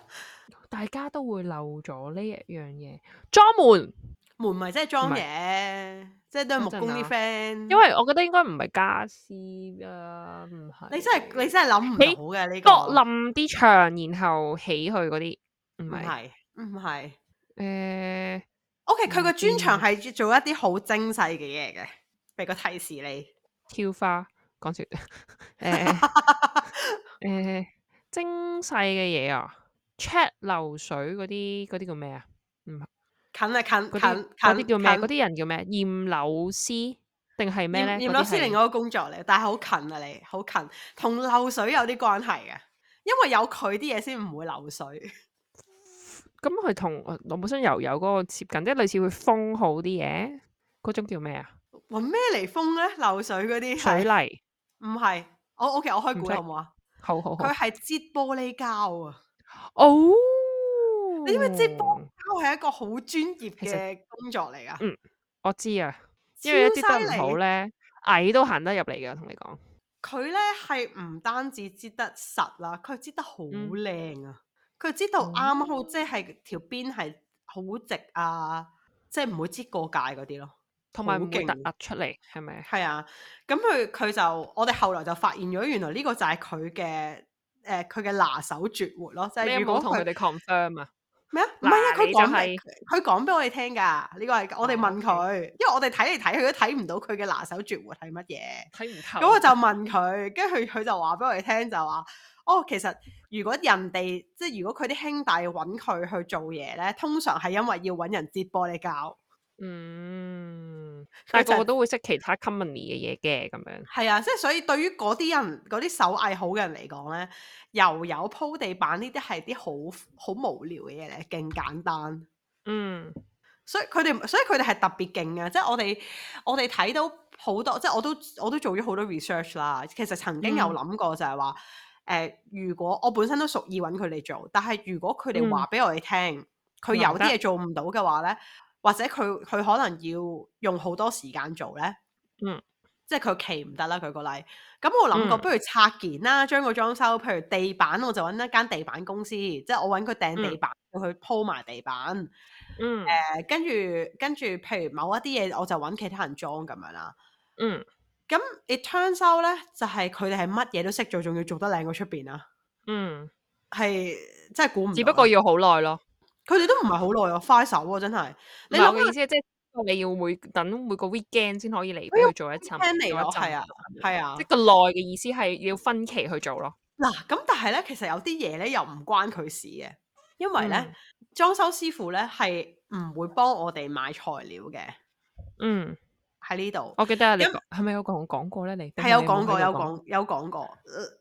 大家都會漏咗呢一樣嘢，裝門門咪即係裝嘢，即係都係木工啲 friend。就是就是因為我覺得應該唔係家私啦，唔係你真係你真係諗唔到嘅，呢起、這個。鑿冧啲牆，然後起佢嗰啲唔係唔係誒，OK 佢個專長係做一啲好精細嘅嘢嘅，俾個提示你挑花講笑，誒 誒、 欸、精細嘅嘢啊！check 漏水嗰啲啲叫咩啊？唔近啊，近些近啲叫咩？嗰啲近人叫咩？驗樓師定係咩咧？驗樓師另外一個工作嚟，但係好近啊你！你好近，同漏水有啲關係嘅，因為有佢啲嘢先唔會漏水。咁佢同我冇想又有嗰個接近，即係類似會封好啲嘢，嗰種叫咩啊？咩嚟封咧？漏水嗰啲水泥唔係我 OK，我開估好唔好啊？用好,好,好好，佢係擠玻璃膠啊。哦，oh, 你知唔知玻璃膠係一個好專業嘅工作嚟㗎。嗯，我知啊，因為一啲得唔好咧，矮都行得入嚟㗎，同你講，佢咧係唔單止唧得實啦，佢唧得好靚啊，佢唧到啱好，嗯，即係條邊係好直啊，即係唔會唧過界嗰啲咯，同埋唔會凸出嚟，係咪？係啊，咁佢佢就，我哋後來就發現咗，原來呢個就係佢嘅。誒佢嘅拿手絕活咯，即、就、係、是、如果同佢哋 confirm 啊咩啊？唔係啊，佢講咩？佢講俾我哋聽㗎。呢、這個係我哋問佢，Okay. 因為我哋睇嚟睇去都睇唔到佢嘅拿手絕活係乜嘢。睇唔透。咁我就問佢，跟住佢就話俾我哋聽，就話：哦，其實如果人哋即係如果佢啲兄弟揾佢去做嘢咧，通常係因為要揾人接玻璃膠。嗯，但係個個都會識其他 common 嘅嘢嘅，咁樣係啊，即係所以對於嗰啲人、嗰啲手藝好嘅人嚟講咧，又有鋪地板呢啲係啲好好無聊嘅嘢嚟，勁簡單。嗯所，所以佢哋，所以佢哋係特別勁啊！即係我哋，我哋睇到好多，即係我都，我都做咗好多 research 啦。其實曾經有諗過就係話，誒、嗯、呃，如果我本身都屬意搵佢哋做，但係如果佢哋、嗯、話俾我哋聽，佢有啲嘢做唔到嘅話咧。嗯或者佢佢可能要用好多時間做咧，嗯，即係佢企唔得啦，舉個例，咁我諗過、嗯、不如拆件啦，將個裝修，譬如地板，我就揾一間地板公司，即係我揾佢訂地板，叫佢鋪埋地板，嗯，誒、呃，跟住跟住，譬如某一啲嘢，我就揾其他人裝咁樣啦，嗯，咁 it turns out 咧，就係佢哋係乜嘢都識做，仲要做得靚過出邊啊。嗯，係即係估唔到，只不過要好耐咯。佢哋都唔係好耐喎，快手喎，真係。你諗嘅意思即係你要每等每個 weekend 先可以嚟畀佢做一餐，嘅咯，係啊，係啊。即個耐嘅意思係要分期去做咯。嗱，咁但係咧，其實有啲嘢咧又唔關佢事嘅，因為咧、嗯、裝修師傅咧係唔會幫我哋買材料嘅。嗯，喺呢度我記得你係咪有同我講過咧？是是你係有，有講有有過，有講有講過，誒，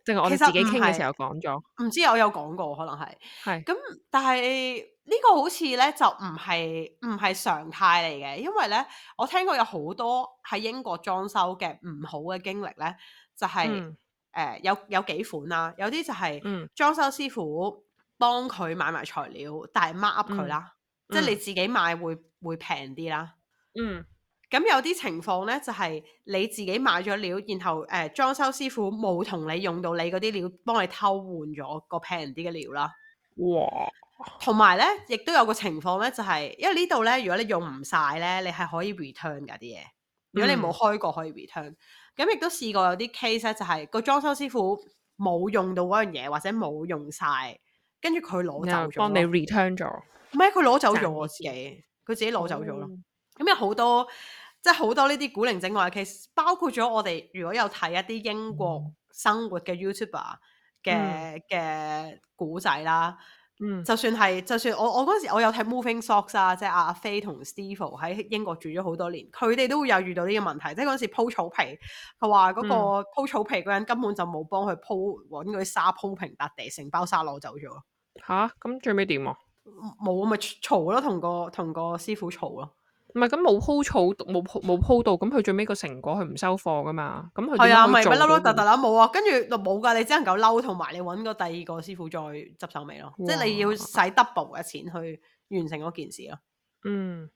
定係我哋自己傾嘅時候講咗？唔知我有講過，可能係係。咁是但係。但呢個好似咧就唔係唔係常態嚟嘅，因為咧我聽過有好多喺英國裝修嘅唔好嘅經歷咧，就係、是、誒、嗯呃、有有幾款啦，有啲就係裝修師傅幫佢買埋材料，但係 mark up 佢啦，嗯嗯、即係你自己買會會平啲啦。嗯，咁有啲情況咧就係、是、你自己買咗料，然後誒呃、裝修師傅冇同你用到你嗰啲料，幫你偷換咗個平啲嘅料啦。哇！同埋咧，亦都有個情況咧，就係、是、因為呢度咧，如果你用唔晒咧，你係可以 return 噶啲嘢。如果你冇開過，可以 return。咁亦都試過有啲 case 咧，就係、是、個裝修師傅冇用到嗰樣嘢，或者冇用晒，跟住佢攞走咗。幫你 return 咗。咩？佢攞走咗我自己，佢點自己攞走咗咯。咁、嗯、有好多，即係好多呢啲古靈精怪嘅 case，包括咗我哋如果有睇一啲英國生活嘅 YouTuber 嘅嘅古仔、嗯、啦。嗯， 就算係，就算我我嗰陣時我有睇 Moving Socks 啊，即係阿飛同 Steve 喺英國住咗好多年，佢哋都會有遇到呢個問題，即係嗰陣時鋪草皮，佢話嗰個鋪草皮嗰人根本就冇幫佢鋪，揾啲沙鋪平笪地，成包沙攞走咗。吓？咁最尾點啊？冇咪嘈咯，同個同個師傅嘈咯。唔係，咁冇鋪草，冇冇鋪到，咁佢最尾個成果，佢唔收貨噶嘛，咁佢點樣做？係 ities 啊，咪乜碌碌特特啦，冇啊，跟住就冇噶，你只能夠嬲，同埋你搵個第二個師傅再執手尾咯，哇即係你要使 double 嘅錢去完成嗰件事咯。嗯，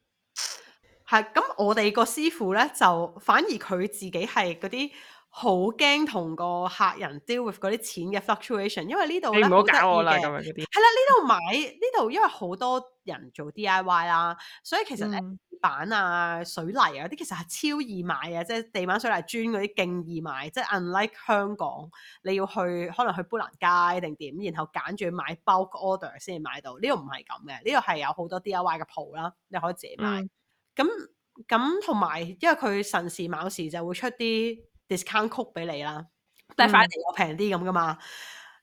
係，咁我哋個師傅咧就反而佢自己係嗰啲好驚同個客人 deal with 嗰啲錢嘅 fluctuation，因為呢度你唔好搞我啦，咁樣嗰啲係啦，呢度買呢度，因為好多。人做 D.I.Y. 啦，所以其實咧，板啊、水泥啊啲其實係超易買啊，即係地板、水泥、磚嗰啲勁易買，即係 unlike 香港，你要去可能去砵蘭街定點，然後揀住買 bulk order 先買到。呢個唔係咁嘅，呢個係有好多 D.I.Y. 嘅鋪啦，你可以自己買。咁咁同埋，因為佢神時卯時就會出啲 discount 曲俾你啦，但係快啲我平啲咁噶嘛。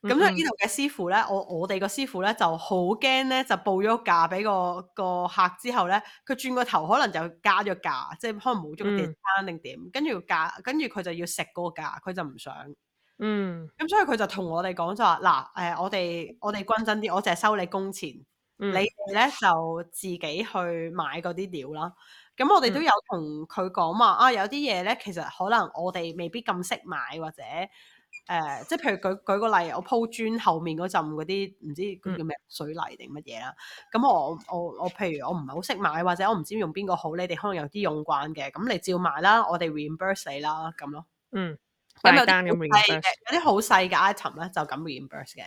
咁所以呢度嘅師傅咧，我我哋個師傅咧就好驚咧，就報咗價俾個個客之後咧，佢轉個頭可能就加咗價，即係可能冇咗個訂單定點，跟住價跟住佢就要食嗰個價，佢就唔想。嗯哼。咁所以佢就同我哋講就話嗱，誒、嗯哼呃、我哋我哋均真啲，我淨係收你工錢，嗯、哼你哋咧就自己去買嗰啲料啦。咁我哋都有同佢講話，啊，啊有啲嘢咧，其實可能我哋未必咁識買或者。誒、呃，即係譬如舉舉個例，我鋪磚後面嗰陣嗰啲唔知叫咩水泥定乜嘢啦，咁我我我譬如我唔係好識買，或者我唔知用邊個好，你哋可能有啲用慣嘅，咁你照買啦，我哋 reimburse 你啦，咁咯。嗯，咁又係有啲好細嘅 item 咧，就咁 reimburse 嘅。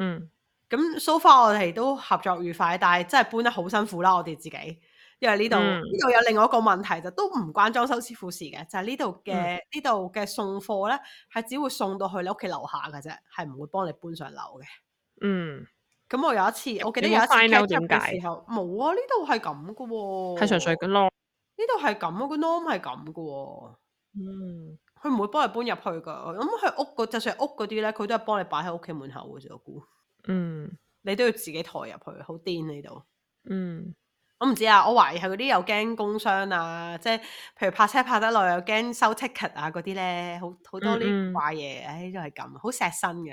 嗯，咁、嗯、so far 我哋都合作愉快，但係真係搬得好辛苦啦，我哋自己。因為呢度呢度有另外一個問題，就都唔關裝修師傅事嘅，就係、是嗯、呢度嘅、呢度嘅送貨咧係只會送到去你屋企樓下嘅啫，係唔會幫你搬上樓嘅。嗯，咁我有一次，我記得有一次 catch up 嘅時候，冇啊，呢度係咁噶喎，係上水嘅咯。呢度係咁啊，個 norm 係咁噶喎。嗯，佢唔會幫你搬入去噶，咁佢屋嗰就算屋嗰啲咧，佢都係幫你擺喺屋企門口嘅啫，我估。嗯，你都要自己抬入去，好癲呢度。嗯。嗯我唔知啊，我懷疑係啲又驚工傷啊，即係譬如泊車泊得耐又驚收 ticket 啊嗰啲咧，好好多啲怪嘢，唉、嗯哎，都係咁，好錫身嘅。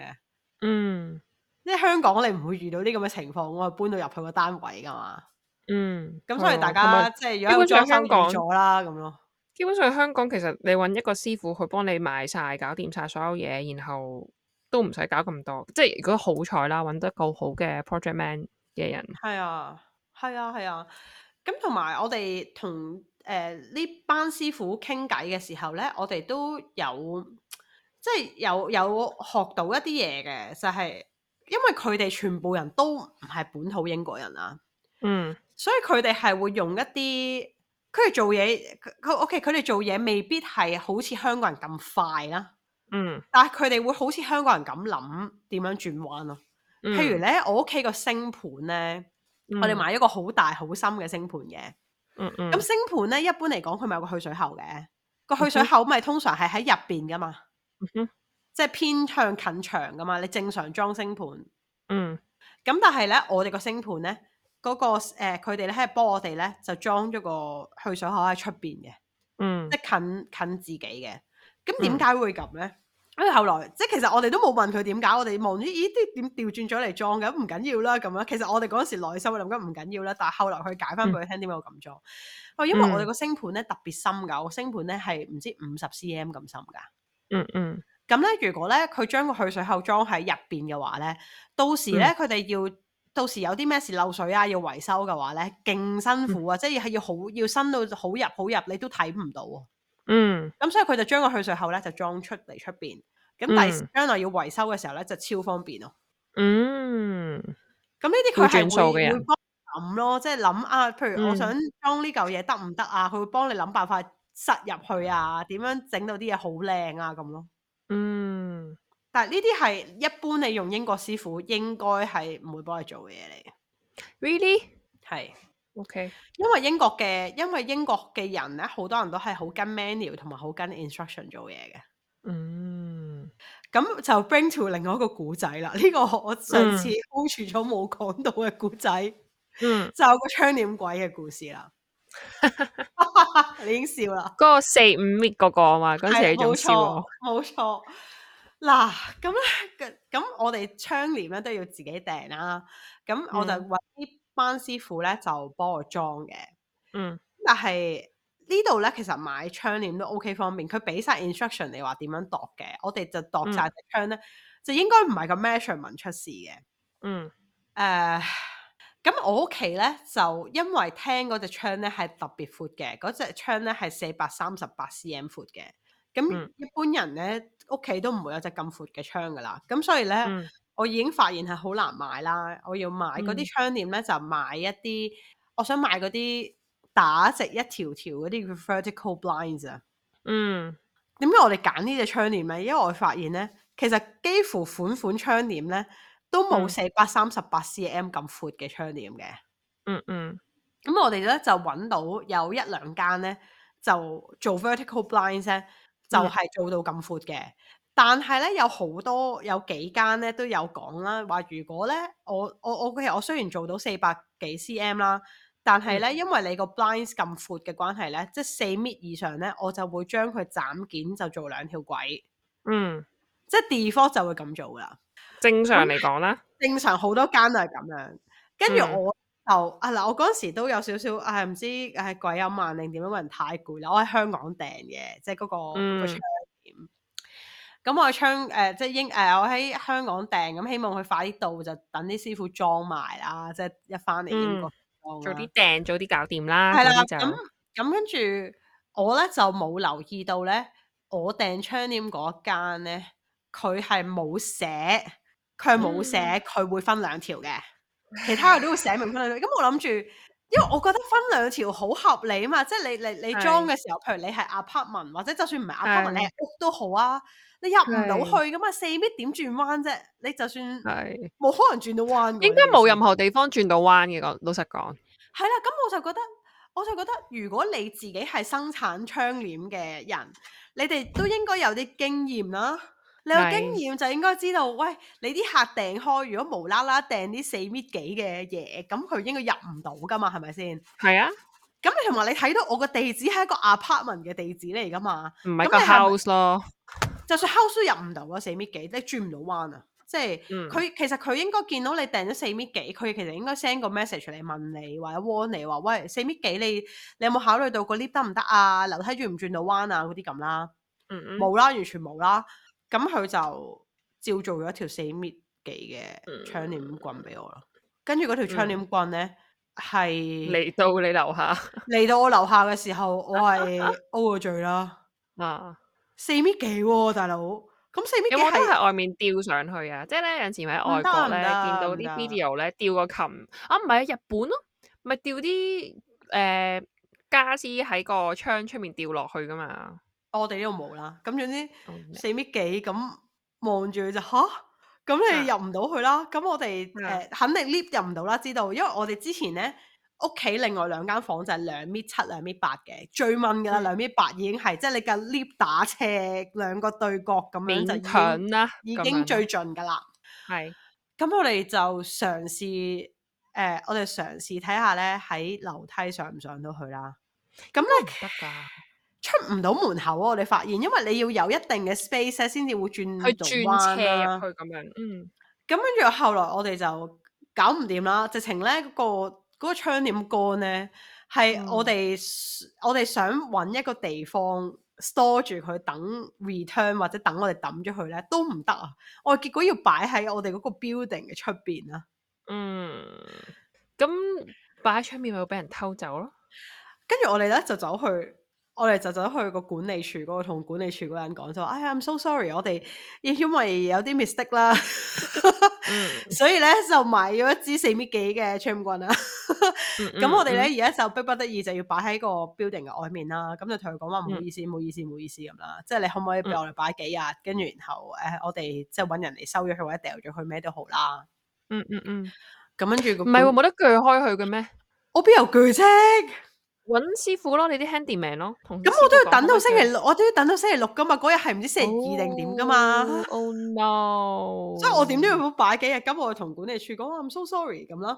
嗯，即係香港你唔會遇到啲咁嘅情況，我係搬到入去個單位㗎嘛。嗯，咁所以大家、啊、即係如果基本上香港咗啦咁咯。基本上香港其實你揾一個師傅去幫你買晒、搞掂晒所有嘢，然後都唔使搞咁多。即係如果好彩啦，揾得夠好嘅 project man 嘅人。係啊。係啊，係啊，咁同埋我哋同誒呢班師傅傾偈嘅時候呢，我哋都有即係有有學到一啲嘢嘅，就係因為佢哋全部人都唔係本土英國人啦，嗯，所以佢哋係會用一啲佢哋做嘢，佢 OK，佢哋做嘢未必係好似香港人咁快啦，嗯，但係佢哋會好似香港人咁諗點樣轉彎咯，譬如呢，我屋企個鋅盤呢。我哋買一個好大好深嘅星盤嘅，嗯嗯、mm，咁、hmm。星盤咧一般嚟講佢咪有個去水口嘅，個去水口咪通常係喺入邊噶嘛，哼、mm，hmm。即係偏向近牆噶嘛。你正常裝星盤，嗯、mm，咁、hmm。但係咧我哋個星盤咧嗰個誒，佢哋咧係幫我哋咧就裝咗個去水口喺出邊嘅，嗯、mm，hmm。即係近近自己嘅。咁點解會咁咧？Mm hmm. 跟住後來，即係其實我哋都冇問佢點解，我哋望住咦啲點調轉咗嚟裝嘅，唔緊要啦咁樣。其實我哋嗰陣時內心會諗緊唔緊要啦，但係後來佢解翻俾佢聽、嗯，點解會咁裝？哦，因為我哋個星盆咧特別深㗎，星盆咧係唔知五十 cm 咁深㗎、嗯。嗯嗯。咁咧，如果咧佢將個去水口裝喺入邊嘅話咧，到時咧佢哋要到時有啲咩事漏水啊，要維修嘅話咧，勁辛苦啊！嗯、即係要係要好要伸到好入好入，你都睇唔到。嗯，咁所以佢就將個去水口咧就裝出嚟出邊，咁但係將來要維修嘅時候咧就超方便咯。嗯，咁呢啲佢係會幫你諗咯，即係諗啊，譬如我想裝呢嚿嘢得唔得啊？佢、嗯、會幫你諗辦法塞入去啊，點樣整到啲嘢好靚啊咁咯。嗯，但係呢啲係一般你用英國師傅應該係唔會幫你做嘅嘢嚟，Really 係。OK，因為英國嘅，因為英國嘅人咧，好多人都係好跟 manual 同埋好跟 instruction 做嘢嘅。嗯，咁就 bring to 另外一個古仔啦。呢、這個我上次 out 咗冇講到嘅古仔，嗯、就個窗簾鬼嘅故事啦。 你已經笑啦。嗰 個四五米嗰個啊嘛，嗰時你仲笑。冇錯。嗱，咁咧，咁我哋窗簾咧都要自己訂啦。咁我就關師傅咧就幫我裝嘅，嗯，但係呢度咧其實買窗簾都 OK 方便，佢俾晒 instruction 你話點樣度嘅，我哋就度晒隻窗咧，嗯、就應該唔係個 measurement 出事嘅，嗯，誒、uh,，咁我屋企咧就因為聽嗰隻窗咧係特別闊嘅，嗰隻窗咧係四百三十八 cm 闊嘅，咁一般人咧屋企都唔會有隻咁闊嘅窗噶啦，咁所以咧。嗯我已經發現係好難買啦！我要買嗰啲窗簾咧，嗯、就買一啲我想買嗰啲打直一條條嗰啲 vertical blinds 啊。Blind 嗯，點解我哋揀呢隻窗簾咧？因為我發現咧，其實幾乎款款，款窗簾咧都冇四百三十八 cm 咁闊嘅窗簾嘅、嗯。嗯嗯，咁我哋咧就揾到有一兩間咧就做 vertical blinds 咧，就係、是、做到咁闊嘅。嗯但係咧，有好多有幾間咧都有講啦，話如果咧，我我我其實我雖然做到四百幾 cm 啦，但係咧，因為你個 blinds 咁闊嘅關係咧，即係四米以上咧，我就會將佢斬件就做兩條軌，嗯，即係 default 就會咁做噶啦。正常嚟講啦，正常好多間都係咁樣。跟住我就、嗯、啊嗱，我嗰陣時都有少少啊，唔知係、啊、鬼有萬寧點樣為人太攰啦。我喺香港訂嘅，即係嗰、那個、嗯咁我喺香，即係英，誒我喺香港訂，咁希望佢快啲到，就等啲師傅裝埋啦，即係一翻嚟英國早啲訂，早啲搞掂啦。係啦，咁咁跟住我咧就冇留意到咧，我訂窗簾嗰間咧，佢係冇寫，佢係冇寫佢會分兩條嘅，其他人都會寫明分兩條。咁我諗住，因為我覺得分兩條好合理啊嘛，即係你你你裝嘅時候，譬如你係 apartment 或者就算唔係 apartment，你係屋都好啊。你入唔到去噶嘛？四米點轉彎啫？你就算冇可能轉到彎，應該冇任何地方轉到彎嘅。講老實講，係啦。咁我就覺得，我就覺得，如果你自己係生產窗簾嘅人，你哋都應該有啲經驗啦。你有經驗就應該知道，是啊、喂，你啲客訂開，如果無啦啦訂啲四米幾嘅嘢，咁佢應該入唔是、啊、到噶嘛？係咪先？係啊。咁你同埋你睇到我個地址係一個 apartment 嘅地址嚟噶嘛？唔係個 house 咯。就算 house 入唔到咯，四米幾，你轉唔到彎啊！即係佢、嗯、其實佢應該見到你訂咗四米幾，佢其實應該 send 個 message 嚟問你或者 warn 你話喂，四米幾你你有冇考慮到個 lift 得唔得啊？樓梯轉唔轉到彎啊？嗰啲咁啦，冇啦、嗯，完全冇啦。咁佢就照做咗條四米幾嘅窗簾棍俾我啦。跟住嗰條窗簾棍咧，係嚟、嗯、是到你樓下嚟 到我樓下嘅時候，我係 O 咗嘴啦啊！四米幾喎、哦，大佬？咁四米幾係喺外面吊上去啊？即係咧，有陣時喺外國咧，見到啲 video 咧，吊個琴啊，唔係啊，日本咯，咪吊啲誒家私喺個窗出面吊落去噶嘛。我哋呢度冇啦，咁總之四米幾，咁望住佢就吓，咁你入唔到去啦。咁的我哋誒的、呃、肯定 lift 入唔到啦，知道？因為我哋之前咧。屋企另外兩間房就係兩米七兩米八嘅，最問噶啦，兩米八已經係、嗯、即係你嘅 lift 打斜兩個對角咁樣就已經，已經最盡噶啦。係是，咁我哋就嘗試，誒、呃，我哋嘗試睇下咧，喺樓梯上唔上到去啦。咁咧唔得㗎，出唔到門口，啊，我哋發現，因為你要有一定嘅 space 先至會轉、啊、去轉車去咁樣。嗯，咁跟住後來我哋就搞唔掂啦，直情咧嗰個。嗰個窗簾杆咧，係我哋、嗯、我哋想揾一個地方 store 住佢，等 return 或者等我哋抌咗佢咧，都唔得啊！我結果要擺喺我哋嗰個 building 嘅出邊啦。嗯，咁擺喺出面咪會俾人偷走咯。跟住我哋咧就走去，我哋就走去個管理處嗰度，同管理處嗰人講就：哎呀，I'm so sorry，我哋因為有啲 mistake 啦。 所以咧就買咗一支四米幾嘅槍棍啦，咁 我哋咧而家就逼不得已就要擺喺個 building 嘅外面啦，咁就同佢講話唔好意思，唔、嗯、好意思，唔好意思咁啦，嗯、即係你可唔可以俾我哋擺幾日，跟住然後誒、呃、我哋即係搵人嚟收咗佢或者掉咗佢咩都好啦、嗯，嗯嗯嗯，咁跟住唔係會冇得鋸開佢嘅咩？我邊有鋸啫、啊？搵師傅咯，你啲 handyman 咯，咁我都要等到星期六，我都要等到星期六噶嘛，嗰日係唔知星期二定點噶嘛。Oh, oh no！所以我，我點都要擺幾日，咁我同管理處講，I'm so sorry 咁咯，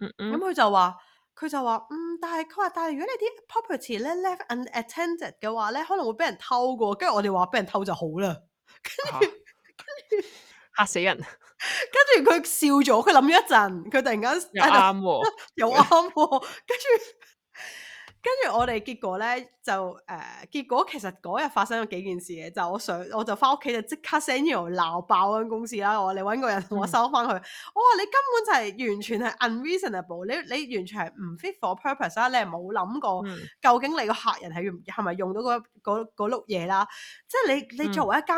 咁佢、嗯嗯嗯、就話，佢就話，嗯，但係佢話，但係如果你啲 property 咧 left unattended 嘅話咧，可能會俾人偷過，跟住我哋話俾人偷就好啦。吓死人！跟住佢笑咗，佢諗咗一陣，佢突然間 又啱又啱喎，跟住。跟住我哋結果咧就誒、呃，結果其實嗰日發生咗幾件事嘅，就我想我就翻屋企就即刻 send email 鬧爆間公司啦。我話你揾個人同我收翻佢，嗯、我話你根本就係完全係 unreasonable，你你完全係唔 fit for purpose 啦。你係冇諗過、嗯、究竟你個客人係係咪用到嗰碌嘢啦？即係你你作為一間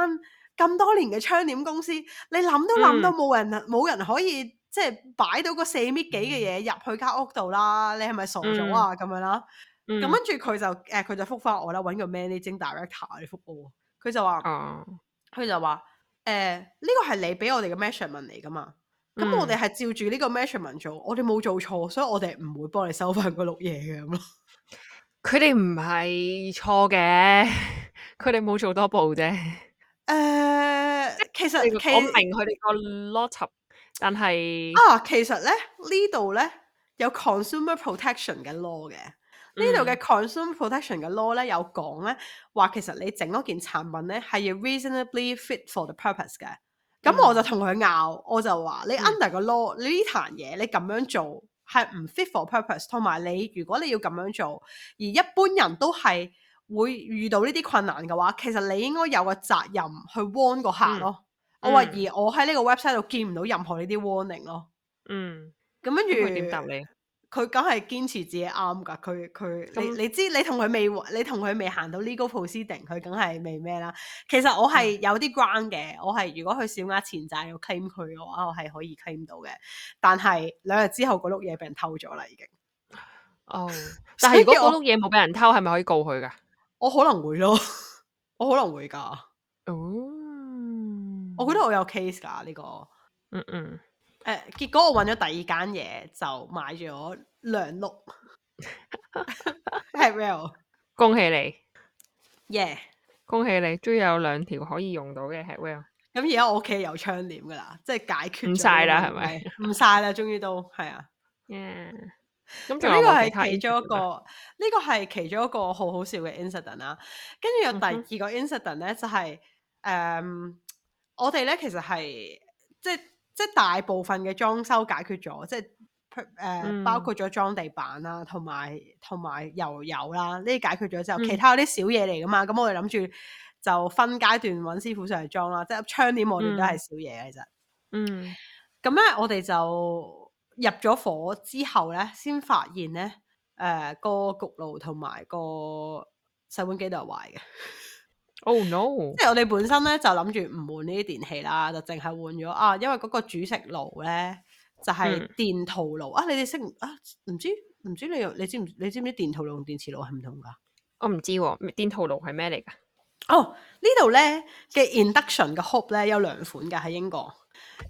咁多年嘅窗簾公司，嗯、你諗都諗到冇人冇、嗯、人可以即係擺到個四米幾嘅嘢入去間屋度啦。你係咪傻咗啊？咁樣啦～咁、嗯、跟住佢就誒，佢、呃、就復翻我啦，揾個 Managing Director 嚟復我。佢就話，佢、嗯、就話誒，呢個係你俾我哋嘅 measurement 嚟噶嘛。咁我哋係照住呢個 measurement 做，我哋冇做錯，所以我哋唔會幫你收翻嗰六嘢嘅咁咯。佢哋唔係錯嘅，佢哋冇做多步啫。誒、呃，即係其實我明佢哋個 logic 但係啊，其實咧呢度咧有 consumer protection 嘅 law 嘅。呢度嘅 consumer protection 嘅 law 咧有講咧，話其實你整嗰件產品咧係要 reasonably fit for the purpose 嘅。咁、嗯、我就同佢拗，我就話你 under 個 law，嗯、你呢壇嘢你咁樣做係唔 fit for purpose。同埋你如果你要咁樣做，而一般人都係會遇到呢啲困難嘅話，其實你應該有個責任去 warn 個客咯。嗯嗯、我話而我喺呢個 website 度見唔到任何呢啲 warning 咯，嗯後嗯。嗯，咁跟住佢點答你？嗯嗯嗯嗯佢梗係堅持自己啱噶，佢佢你你知你同佢未，你同佢未行到呢個 posting，佢梗係未咩啦。其實我係有啲 ground 嘅，我係如果去小額錢債我 claim 佢嘅話，我係可以 claim 到嘅。但係兩日之後嗰碌嘢俾人偷咗啦，已經。哦，oh, 但係如果嗰碌嘢冇俾人偷，係咪以我可以告佢噶？我可能會咯，我可能會噶。哦，我覺得我有 case 噶呢、這個，嗯嗯、mm。Hmm. 誒，uh, 結果我揾咗第二間嘢，就買咗兩碌，係 real well。恭喜你耶！恭喜你，終於 Yeah. 有兩條可以用到嘅，係 real、well。咁而、嗯、家我屋企有窗簾噶啦，即係解決晒啦，係咪？唔晒啦，終於 都係啊 y 咁呢個係其中一個，呢個係其中一個好好笑嘅 incident 啦。跟住有第二個 incident 咧，就係、是、誒、嗯，我哋咧其實係即係。即係大部分嘅裝修解決咗，即係誒、呃、包括咗裝地板啦，同埋同埋油油啦，呢啲解決咗之後，其他啲小嘢嚟噶嘛，咁、嗯、我哋諗住就分階段揾師傅上嚟裝啦。即係窗簾我哋都係小嘢、嗯、其實，嗯，咁咧我哋就入咗伙之後咧，先發現咧誒、呃嗰個焗爐同埋個洗碗機都係壞嘅。Oh no！即係我哋本身咧就諗住唔換呢啲電器啦，就淨係換咗啊！因為嗰個煮食爐咧就係、是、電陶爐、嗯、啊！你哋識唔啊？唔知唔知你又你知唔你知唔知電陶爐同電磁爐係唔同噶？我唔知、啊、電陶爐係咩嚟噶？哦，呢度咧嘅 Induction 嘅 hob 咧有兩款噶喺英國。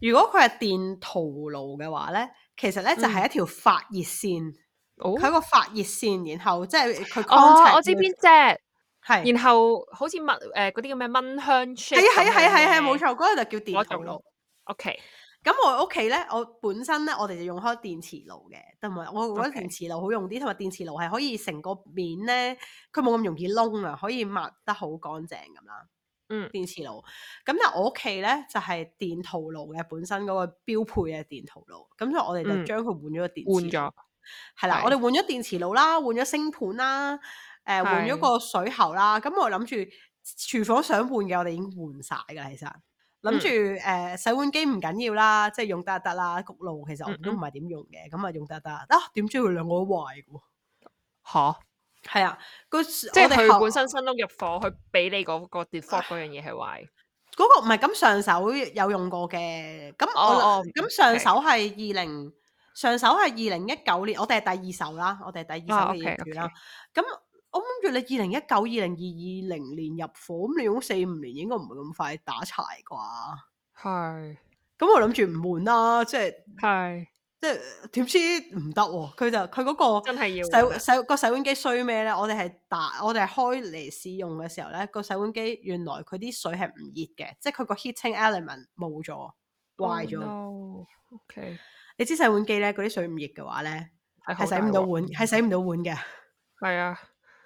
如果佢係電陶爐嘅話咧，其實咧就係、是、一條發熱線，佢、嗯哦、個發熱線，然後即係佢。哦，我知邊隻。係，然後好似燜誒嗰啲叫咩蚊香是是是是是？係啊係係係係冇錯，嗰、那個就叫電陶爐。O K，咁我屋企咧，我本身咧，我哋就用開電磁爐嘅，同埋我覺得電磁爐好用啲，同埋電磁爐係可以成個面咧，佢冇咁容易燶啊，可以抹得好乾淨咁啦。嗯，電磁爐。咁但係我屋企咧就係、是、電陶爐嘅，本身嗰個標配嘅電陶爐。咁所以我哋就將佢換咗個電磁爐。換咗、嗯。係的對啦，我哋換咗電磁爐啦，換咗星盤啦。誒，換咗、呃、個水喉啦，咁我諗住廚房想換嘅，我哋已經換晒噶。其實諗住誒，洗碗機唔緊要啦，即係用得得啦。焗爐其實我都唔係點用嘅，咁、嗯嗯、啊用得得。啊，點知佢兩個都壞嘅？吓哈，係啊，即係佢本身新屋入伙，去俾你嗰、那個跌貨嗰樣嘢，係壞。嗰個唔係咁上手有用過嘅，咁哦咁、哦、上手係二零上手係二零一九年，我哋係第二手啦，我哋第二手嘅業主啦，咁、啊。Okay, okay. 我諗住你二零一九、二零二二零年入伙，咁你用四五年應該唔會咁快打柴啩？係是，咁我諗住唔換啦，即係，係，即係點、oh, no , okay. 知唔得？佢就佢嗰個真係要洗洗個洗碗機衰咩咧？我哋係打我哋係開嚟試用嘅時候咧，個、哦、洗碗機原來佢啲水係唔熱嘅，即係佢個 heating element 冇咗，壞咗。O K，你知洗碗機咧，嗰啲水唔熱嘅話咧，係洗唔到碗，係洗唔到碗嘅。係啊。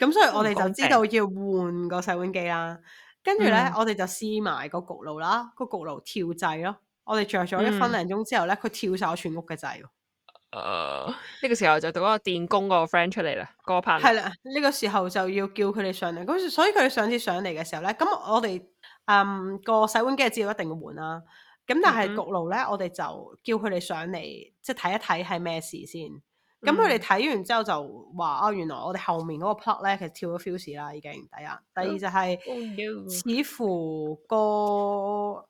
咁、嗯、所以我哋就知道要換個洗碗機啦，嗯、跟住咧我哋就試埋個焗爐啦，個焗爐跳掣咯，我哋着咗一分零鐘之後咧，佢、嗯、跳晒我全屋嘅掣。誒、呃，呢、這個時候就到個電工個 friend 出嚟啦，個 partner 係啦，呢 、這個時候就要叫佢哋上嚟，咁所以佢上次上嚟嘅時候咧，咁我哋誒、嗯那個洗碗機係知道一定要換啦，咁但係焗爐咧，我哋就叫佢哋上嚟，即係睇一睇係咩事先。咁佢哋睇完之後就話啊、哦，原來我哋後面嗰個 plug 咧，其實跳咗 fuse 啦，已經第一，第二就係、是嗯嗯嗯、似乎個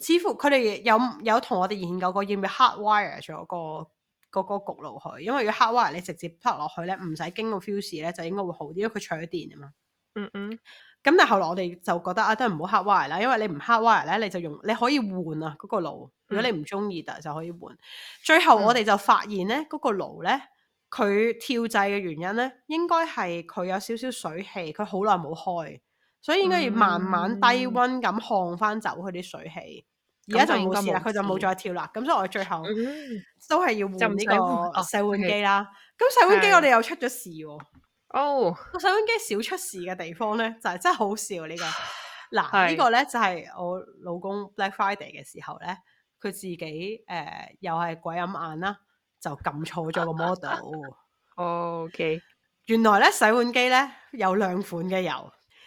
似乎佢哋有有同我哋研究過，要唔要 hard wire 咗個嗰個焗爐去？因為如果 hard wire，你直接 plug 落去咧，唔使經過 fuse 咧，就應該會好啲，因為佢除咗電啊嘛。嗯嗯。咁但係後來我哋就覺得啊，都係唔好 hardwire 啦，因為你唔 hardwire 咧，你就用，你可以換啊，嗰個爐，如果你唔中意，就就可以換。最後我哋就發現咧，嗰、嗯、個爐咧，佢跳掣嘅原因咧，應該係佢有少少水氣，佢好耐冇開，所以應該要慢慢低溫咁烘翻走佢啲水氣。而家就冇事啦，佢、嗯嗯、就冇再跳啦。咁所以我哋最後、嗯、都係要換呢個洗碗機啦。咁、啊 okay. 洗碗機我哋又出咗事了。個、oh. 洗碗機少出事嘅地方咧，就係、是、真係好笑呢、這個。嗱，是個呢個咧就係、是、我老公 Black Friday 嘅時候咧，佢自己誒、呃、又係鬼咁眼啦，就撳錯咗個 model。 o Okay . K，原來咧洗碗機咧有兩款嘅油，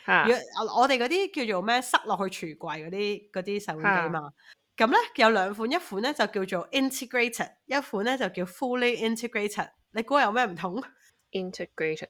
如果 Ha. 我哋嗰啲叫做咩塞落去廚櫃嗰啲嗰啲洗碗機嘛，咁咧 Ha. 有兩款，一款咧就叫做 integrated，一款咧就叫 fully integrated 你。你估有咩唔同？integrated。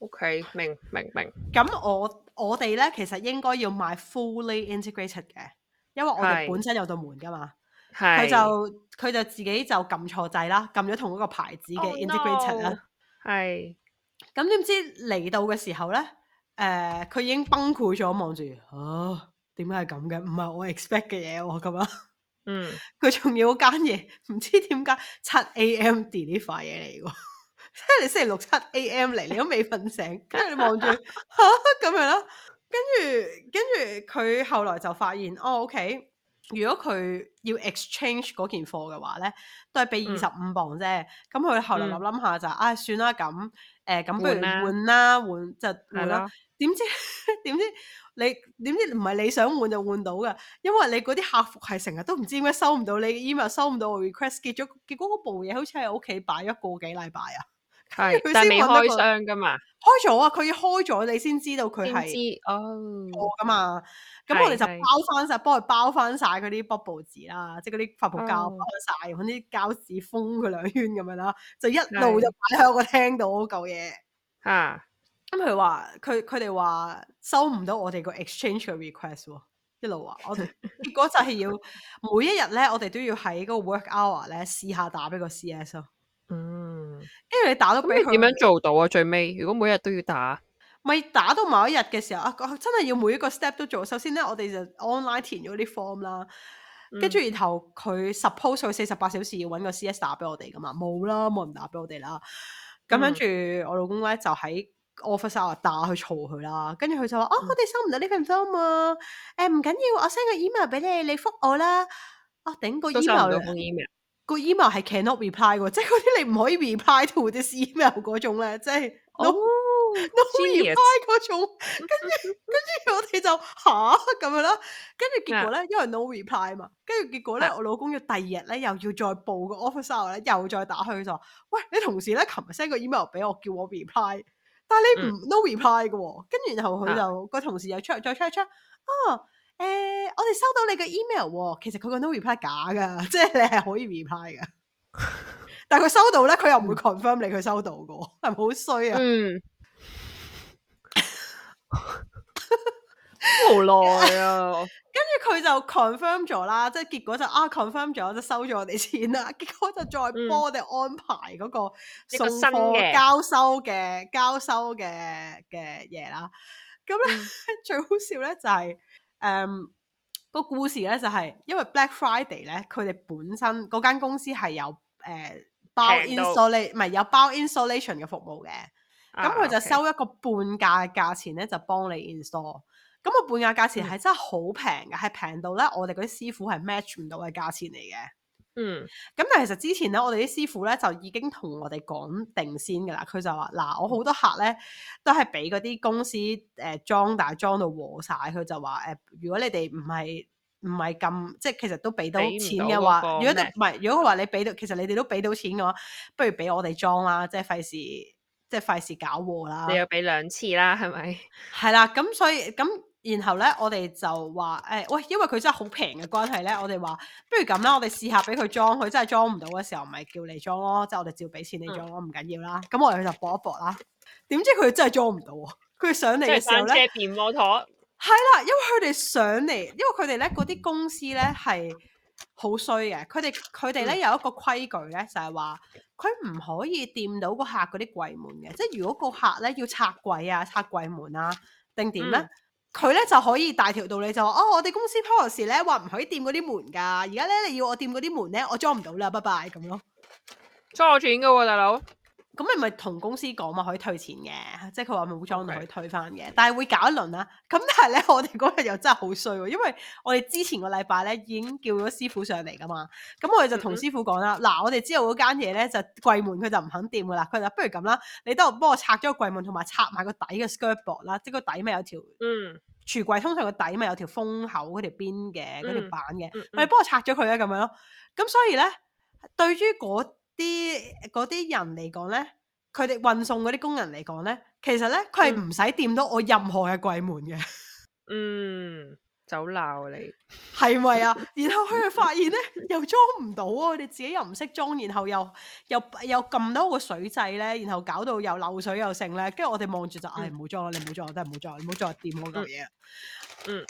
O、okay, K，明明明。咁我我哋咧，其實應該要買 fully integrated 嘅，因為我哋本身有道門噶嘛。係是。佢就佢就自己就撳錯掣啦，撳咗同一個牌子嘅 integrated 啦。係是。咁點知嚟到嘅時候咧，誒、呃，佢已經崩潰咗，望住，啊，點解係咁嘅？唔係我 expect 嘅嘢喎，咁啊。樣嗯。佢仲要間嘢，唔知點解七 A M D 呢塊嘢嚟嘅。即係你星期六七 A.M. 嚟，你都未瞓醒，跟住你望住嚇咁樣囉，跟住跟住佢後來就發現哦，OK，如果佢要 exchange 嗰件貨嘅話咧，都係俾二十五磅啫。咁佢後來諗諗下就啊，算啦咁，誒，咁不如換啦，換就換啦。點知點知你點知唔係你想換就換到嘅，因為你嗰啲客服係成日都唔知點解收唔到你嘅 email，收唔到我 request，結咗結果嗰部嘢好似喺屋企擺咗個幾禮拜啊！係，但係未開箱噶嘛？開咗啊！佢要開咗，你先知道佢係哦噶嘛？咁、哦、我哋就包翻晒，幫佢是包翻晒嗰啲 bubble 紙啦，即係嗰啲發泡膠包晒，用嗰啲膠紙封佢兩圈咁樣啦。就一路就擺喺個廳度嗰嚿嘢。吓是，咁佢話佢佢哋話收唔到我哋個 exchange 嘅 request，一路話我哋結果就係要每一日咧，我哋都要喺個 work hour 咧試下打俾個 C S 咯。 嗯，因為你打到咁，你點樣做到啊？最尾如果每日都要打，咪打到某一日嘅時候啊，真係要每一個 step 都做。首先咧，我哋就 online 填咗啲 form 啦，然後然後啦，跟住、嗯、然後佢 suppose 佢四十八小時要搵個 CS 打俾我哋噶嘛，冇啦，冇人打俾我哋啦。咁跟住我老公咧就喺 office 打,打去嘈佢啦，跟住佢就話哦、嗯啊，我哋收唔到呢份 form 啊，誒唔緊要，我 send 個 email 俾你，你覆我啦，哦、啊，頂個 email em。個 email 係 cannot reply 喎，即係嗰啲你唔可以 reply to 啲 email 嗰種咧，即係 no、oh, no reply 嗰種。跟住跟住我哋就嚇咁、啊、樣啦。跟住結果咧，Yeah. 因為 no reply 嘛，跟住結果咧，Yeah. 我老公要第二日咧，又要再報個 office 咧，又再打佢就話：喂，你同事咧，琴日 send 個 email 俾我，叫我 reply，但係你唔、mm. no reply 嘅喎、哦。跟住然後佢就，Yeah. 後就個同事又出嚟，再出出出啊！誒、欸，我哋收到你嘅 email、哦、其實佢個 no reply 假噶，即係你係可以 reply 噶， 但係佢收到咧，佢又唔會 confirm 你佢收到噶，係咪好衰啊！嗯，好耐啊， 跟住佢就 confirm 咗啦，即係結果就啊 confirm 咗，就收咗我哋錢啦，結果就再幫我哋安排嗰個送貨交收嘅交收嘅嘅嘢啦。咁咧 最好笑咧就係、是。誒，um, 個故事咧就係、是，因為 Black Friday 咧，佢哋本身嗰間公司係有誒、呃、包 install 唔係到有包 installation 嘅服務嘅，咁佢、啊、就收一個半價嘅價錢咧，就幫你 install。咁個半價價錢係真係好平嘅，係平、嗯、到咧，我哋嗰啲師傅係 match 唔到嘅價錢嚟嘅。嗯，咁但係其實之前咧，我哋啲師傅咧就已經同我哋講定先噶啦。佢就話：嗱，我好多客咧都係俾嗰啲公司誒、呃、裝大，但係裝到和晒。佢就話：誒，如果你哋唔係唔係咁，即係其實都俾到錢嘅話，如果你唔係，的如果佢話你俾到，其實你哋都俾到錢嘅話，不如俾我哋裝啦，即係費事，即係費事搞和啦。你要俾兩次啦，係咪？係啦， 咁所以咁。嗯然後咧，我哋就話誒、哎、喂，因為佢真係好平嘅關係咧，我哋話不如咁啦，我哋試下俾佢裝，佢真係裝唔到嘅時候，咪叫你裝咯，即、就是、係我哋照要俾錢你裝咯，唔緊要啦。咁我哋就搏一搏啦。點知佢真係裝唔到喎？佢上嚟嘅時候咧，即係三車電摩托。係啦，因為佢哋上嚟，因為佢哋咧嗰啲公司咧係好衰嘅。佢哋佢哋咧有一個規矩咧，就係話佢唔可以掂到個客嗰啲櫃門嘅。即係如果個客咧要拆櫃啊、拆櫃門啊，定點咧？嗯佢咧就可以大條道理就話：哦，我哋公司 policy 咧話唔可以掂嗰啲門噶。而家咧你要我掂嗰啲門咧，我裝唔到啦，拜拜咁咯。收錢噶喎，大佬。咁你咪同公司講嘛，可以退錢嘅。即係佢話冇裝，可以退翻嘅。Okay. 但係會搞一輪啦。咁但係咧，我哋嗰日又真係好衰，因為我哋之前個禮拜咧已經叫咗師傅上嚟噶嘛。咁我哋就同師傅講、嗯嗯、啦。嗱，我哋知道嗰間嘢咧就櫃門佢就唔肯掂噶啦。佢就不，就不如咁啦，你都幫我拆咗個櫃門，同埋拆埋個底嘅 skirt board 啦，即係個底咪有條嗯。櫥櫃通常個底咪有條封口嗰條邊嘅嗰條板嘅，咪、嗯嗯嗯、幫我拆咗佢啊咁樣咯。咁所以咧，對於嗰啲嗰啲人嚟講咧，佢哋運送嗰啲工人嚟講咧，其實咧佢係唔使掂到我任何嘅櫃門嘅、嗯。嗯。走鬧你係咪啊？然後佢就發現咧又裝唔到啊！我哋自己又唔識裝，然後又又又撳多個水掣咧，然後搞到又漏水又剩咧。跟住我哋望住就唉，唔好、嗯哎、裝啦！你唔好裝，真係唔好裝，你唔好再掂我嚿嘢、嗯。嗯。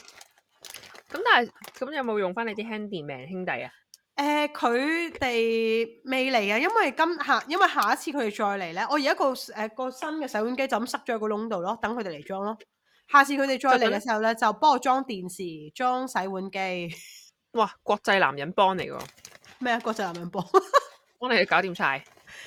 咁但係咁有冇用翻你啲 handyman 兄弟啊？誒、呃，佢哋未嚟啊，因為今下因為下一次佢哋再嚟咧，我而家個誒、呃、個新嘅洗碗機就咁塞咗喺個窿度咯，等佢哋嚟裝咯。下次佢哋再嚟嘅時候咧，就幫等我裝電視、裝洗碗機。哇！國際男人幫嚟個咩啊？國際男人幫幫 你搞掂晒。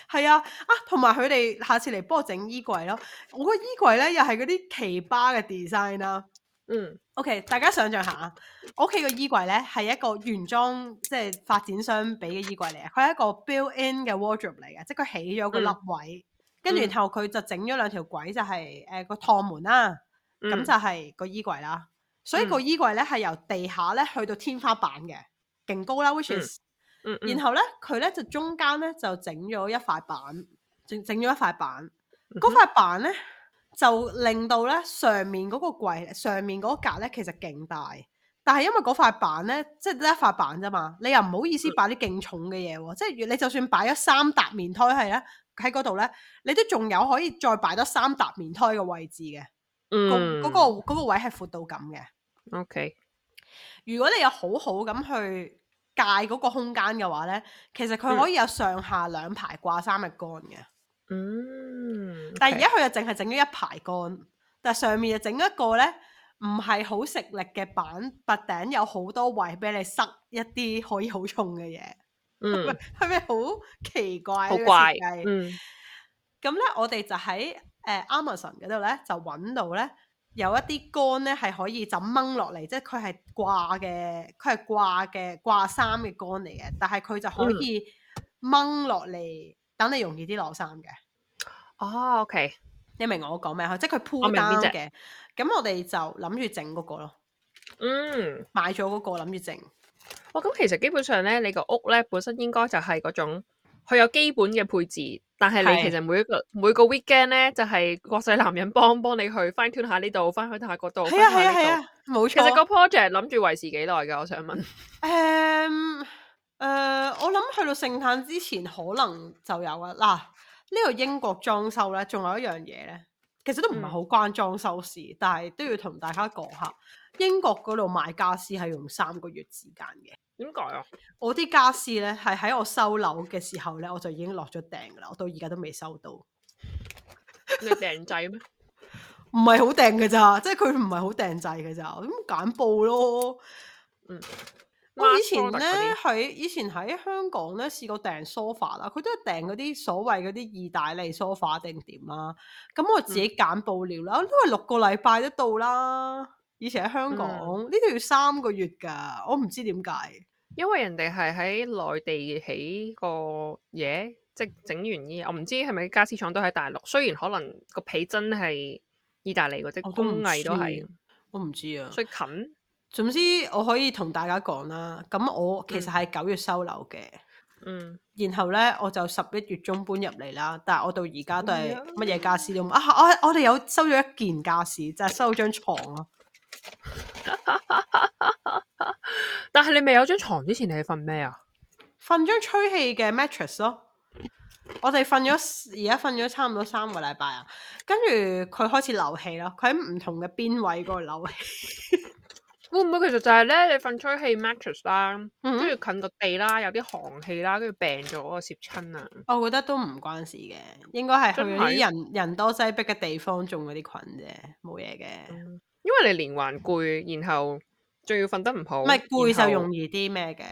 係啊，啊，同埋佢哋下次嚟幫我整衣櫃咯。我個衣櫃咧又係嗰啲奇葩嘅 design 啦。嗯，OK，大家想象下我屋企個衣櫃咧係一個原裝即係發展商畀嘅衣櫃嚟啊，佢係一個 built-in 嘅 wardrobe、er、嚟嘅，即係佢起咗個立位，跟住、嗯、然後佢就整咗兩條軌，就係、是、誒、呃、個趟門啦、啊。咁就係個衣櫃啦，所以個衣櫃咧係由地下咧去到天花板嘅，勁高啦。Which is，嗯嗯嗯、然後咧佢咧就中間咧就整咗一塊板，整整咗一塊板。嗰塊、嗯、哼板咧就令到咧上面嗰個櫃上面嗰格咧其實勁大，但係因為嗰塊板咧即係得一塊板啫嘛，你又唔好意思擺啲勁重嘅嘢喎，即係、嗯、你就算擺咗三沓棉胎係咧喺嗰度咧，你都仲有可以再擺多三沓棉胎嘅位置嘅。嗰、嗯嗰個、嗰個位係闊到咁嘅。OK，如果你有好好咁去界嗰個空間嘅話咧，其實佢可以有上下兩排掛三嘅杆嘅。嗯，但而家佢又淨係整咗一排杆，但係上面就整一個咧，唔係好食力嘅板，屋頂有好多位俾你塞一啲可以好重嘅嘢。嗯，係咪好奇怪嘅設計？嗯，咁咧我哋就喺。誒、uh, Amazon 嗰度咧就揾到咧，有一啲竿咧係可以就掹落嚟，即係佢係掛嘅，佢係掛嘅掛衫嘅竿嚟嘅，但係佢就可以掹落嚟等你容易啲攞衫嘅。哦、oh，OK，你明我講咩？即係佢鋪面嘅，咁我哋就諗住整嗰個咯。嗯，買咗嗰個諗住整。哇、哦，咁其實基本上咧，你個屋咧本身應該就係嗰種。佢有基本嘅配置，但係你其實每一個的每個 weekend 咧，就係、是、國際男人幫幫你去 fine tune 下呢度，翻開下嗰度，翻下呢度，冇錯。其實個 project 諗住維持幾耐㗎，我想問。誒誒，我諗去到聖誕之前可能就有啊。嗱，呢個英國裝修咧，仲有一樣嘢咧，其實都唔係好關、嗯、裝修事，但係都要同大家講下。英國嗰度買家私係用三個月時間嘅，點解啊？我啲家私咧係喺我收樓嘅時候咧，我就已經落咗訂噶啦，我到而家都未收到。 你訂製咩？唔係好訂嘅咋，即係佢唔係好訂製嘅咋，咁揀布咯。嗯，我以前咧喺、嗯、以前喺香港咧試過訂 sofa 啦，佢都係訂嗰啲所謂嗰啲意大利 sofa 定點啦、啊。咁我自己揀布料啦，因為六個禮拜都到啦。以前喺香港呢度、嗯哦、要三個月噶，我唔知點解。因為人哋係喺內地起個嘢，即、yeah? 整完呢嘢，我唔知係咪家私廠都喺大陸。雖然可能個皮真係意大利嗰啲工藝都係，我唔知啊。最近，總之我可以同大家講啦。咁我其實係九月收樓嘅，嗯，然後呢，我就十一月中搬入嚟啦。但係我到而家都係乜嘢家私都冇啊，我我哋有收咗一件家私，就係、是、收咗張床咯。 但係你未有張床之前，你瞓咩啊？瞓張吹氣嘅 mattress 咯。我哋瞓咗而家瞓咗差唔多三個禮拜啊。跟住佢開始漏氣咯。佢喺唔同嘅邊位嗰度漏氣。會唔會其實就係咧？你瞓吹氣 mattress 啦，跟住、嗯、哼近個地啦，有啲寒氣啦，跟住病咗個攝親啊。我,我覺得都唔關事嘅，應該係去啲人人多擠逼嘅地方種，種嗰啲菌啫，冇嘢嘅。因為你連環攰，然後仲要瞓得唔好，唔係攰就容易啲咩嘅。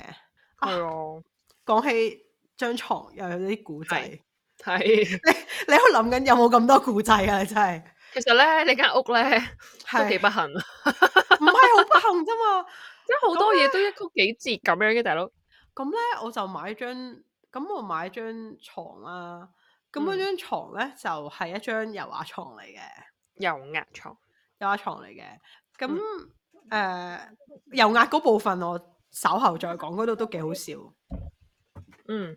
係講後、啊、起張床又有啲古仔，係你你喺度諗緊有冇咁多古仔啊？真係，其實咧你間屋咧都幾不幸，唔係好不幸咋嘛，即係好多嘢都一曲幾折咁樣嘅，大佬呢。咁咧我就買張，咁我買張床啦、啊。咁嗰張床咧就係、是、一張油壓床嚟嘅、嗯，油壓床。有床嚟嘅，咁誒、嗯呃、油壓嗰部分我稍後再講，嗰度都幾好笑。嗯，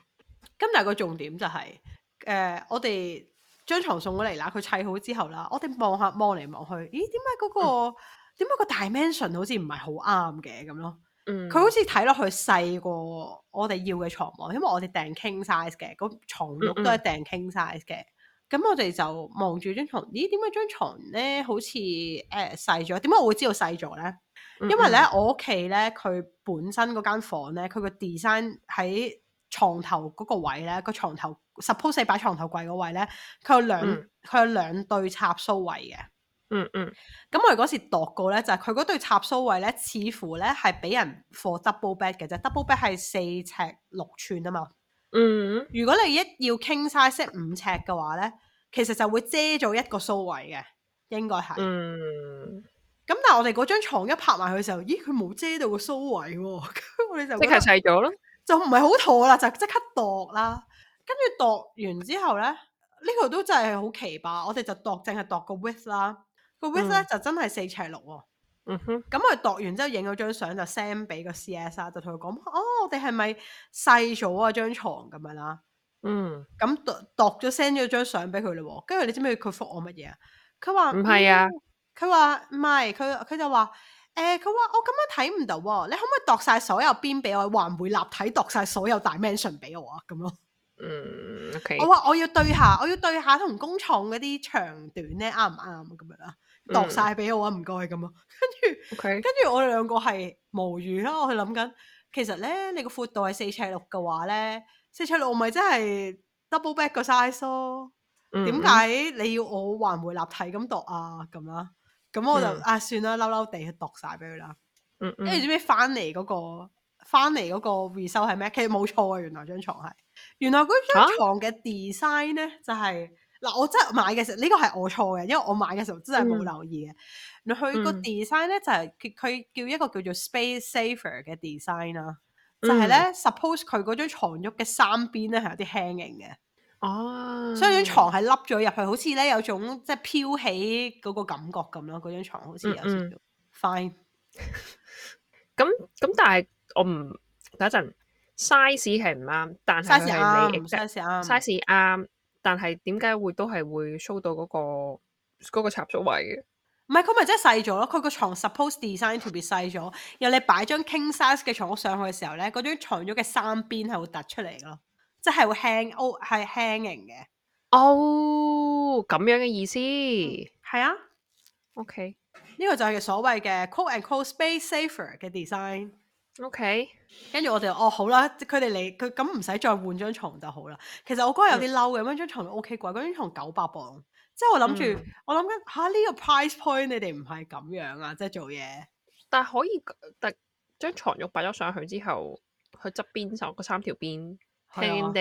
咁但係個重點就係、是、誒、呃，我哋將床送咗嚟啦，佢砌好之後啦，我哋望下望嚟望去，咦？點解嗰個點解、嗯、個 dimension 好似唔係好啱嘅咁咯？嗯，佢好似睇落去細過我哋要嘅床喎，因為我哋訂 king size 嘅，個牀褥都係訂 king size 嘅。嗯嗯嗯。咁我哋就望住張床，咦？點解張床咧好似誒細咗？點解我會知道細咗咧？因為咧我屋企咧佢本身嗰間房咧，佢個 design 喺床頭嗰個位咧，個床頭 suppose 擺牀頭櫃嗰位咧，佢有兩佢有兩對插蘇位嘅。嗯嗯。咁我哋嗰時度過咧，就係佢嗰對插蘇位咧，似乎咧係俾人放 double bed 嘅啫。double bed 係四尺六吋啊嘛。嗯，如果你一要 king size 五尺嘅話咧，其實就會遮咗一個蘇位嘅，應該係。嗯。咁但係我哋嗰張床一拍埋去嘅時候，咦，佢冇遮到個蘇位喎，哦。 我哋就即係咗咯，就唔係好妥啦，就即刻度啦。跟住度完之後咧，呢個都真係好奇葩，我哋就度淨係度個 width 啦，個 width 咧，嗯，就真係四尺六，哦。嗯哼，咁佢度完之後影咗張相就 send 俾個 C S R，就同佢講，哦，我哋係咪細咗啊張床咁樣啦？嗯，咁度度咗 send 咗張相俾佢啦，跟住你知唔知佢覆我乜嘢啊？佢話唔係啊，佢話唔係，佢佢、嗯、就話，誒、哎，佢話我咁樣睇唔到，你可唔可以度晒所有邊俾我，還唔會立體度晒所有 dimension 俾我啊？咁咯。嗯，我話我要對下，我要對下同工廠嗰啲長短咧，啱唔啱咁樣啦？度晒俾我啊，唔該咁啊。跟住，跟住我哋兩個係無語啦。我去諗緊，其實咧你個闊度係四尺六嘅話咧，四尺六我咪真係 double back 個 size 咯。點解你要我還回立體咁度啊？咁啦，咁我就啊算啦，嬲嬲地去度晒俾佢啦。跟住最咩翻嚟嗰個，翻嚟嗰個回收係咩？K 其實冇錯啊，原來張床係。原來嗰張牀嘅 design 咧就係、是、嗱，我真係買嘅時候呢、呢個係我錯嘅，因為我買嘅時候真係冇留意嘅。佢個 design 咧就係佢佢叫一個叫做 space saver 嘅 design 啦，就係、是、咧、嗯、suppose 佢嗰張牀褥嘅三邊咧係有啲 hang 嘅。哦，所以張床係凹咗入去，好似咧有種即係飄起嗰個感覺咁咯。嗰張牀好似有少少、嗯嗯、fine。 咁咁但係我唔等一陣。size 係唔啱，但係 size 係啱，size 啱但係點解會都係會 show 到嗰、嗰個嗰個插座位嘅？唔係佢咪真係細咗咯？佢個床 supposed design 特別細咗，然後你擺張 king size 嘅床屋上去嘅時候咧，嗰張牀咗嘅三邊係會凸出嚟嘅咯，即係會 hang out 係 hanging 嘅。哦，咁樣嘅意思係、嗯、啊。OK，呢個就係所謂嘅 quote and quote space safer 嘅 design。O K，跟住我哋哦好啦，佢哋嚟佢咁唔使再換張床就好啦。其實我嗰日有啲嬲嘅，因為張床 O K 貴，嗰張床九百磅。即係我諗住，嗯、我諗緊吓呢個 price point，你哋唔係咁樣啊，即係做嘢。但係可以，但張床褥擺咗上去之後，佢側邊就嗰三條邊 hand 係啊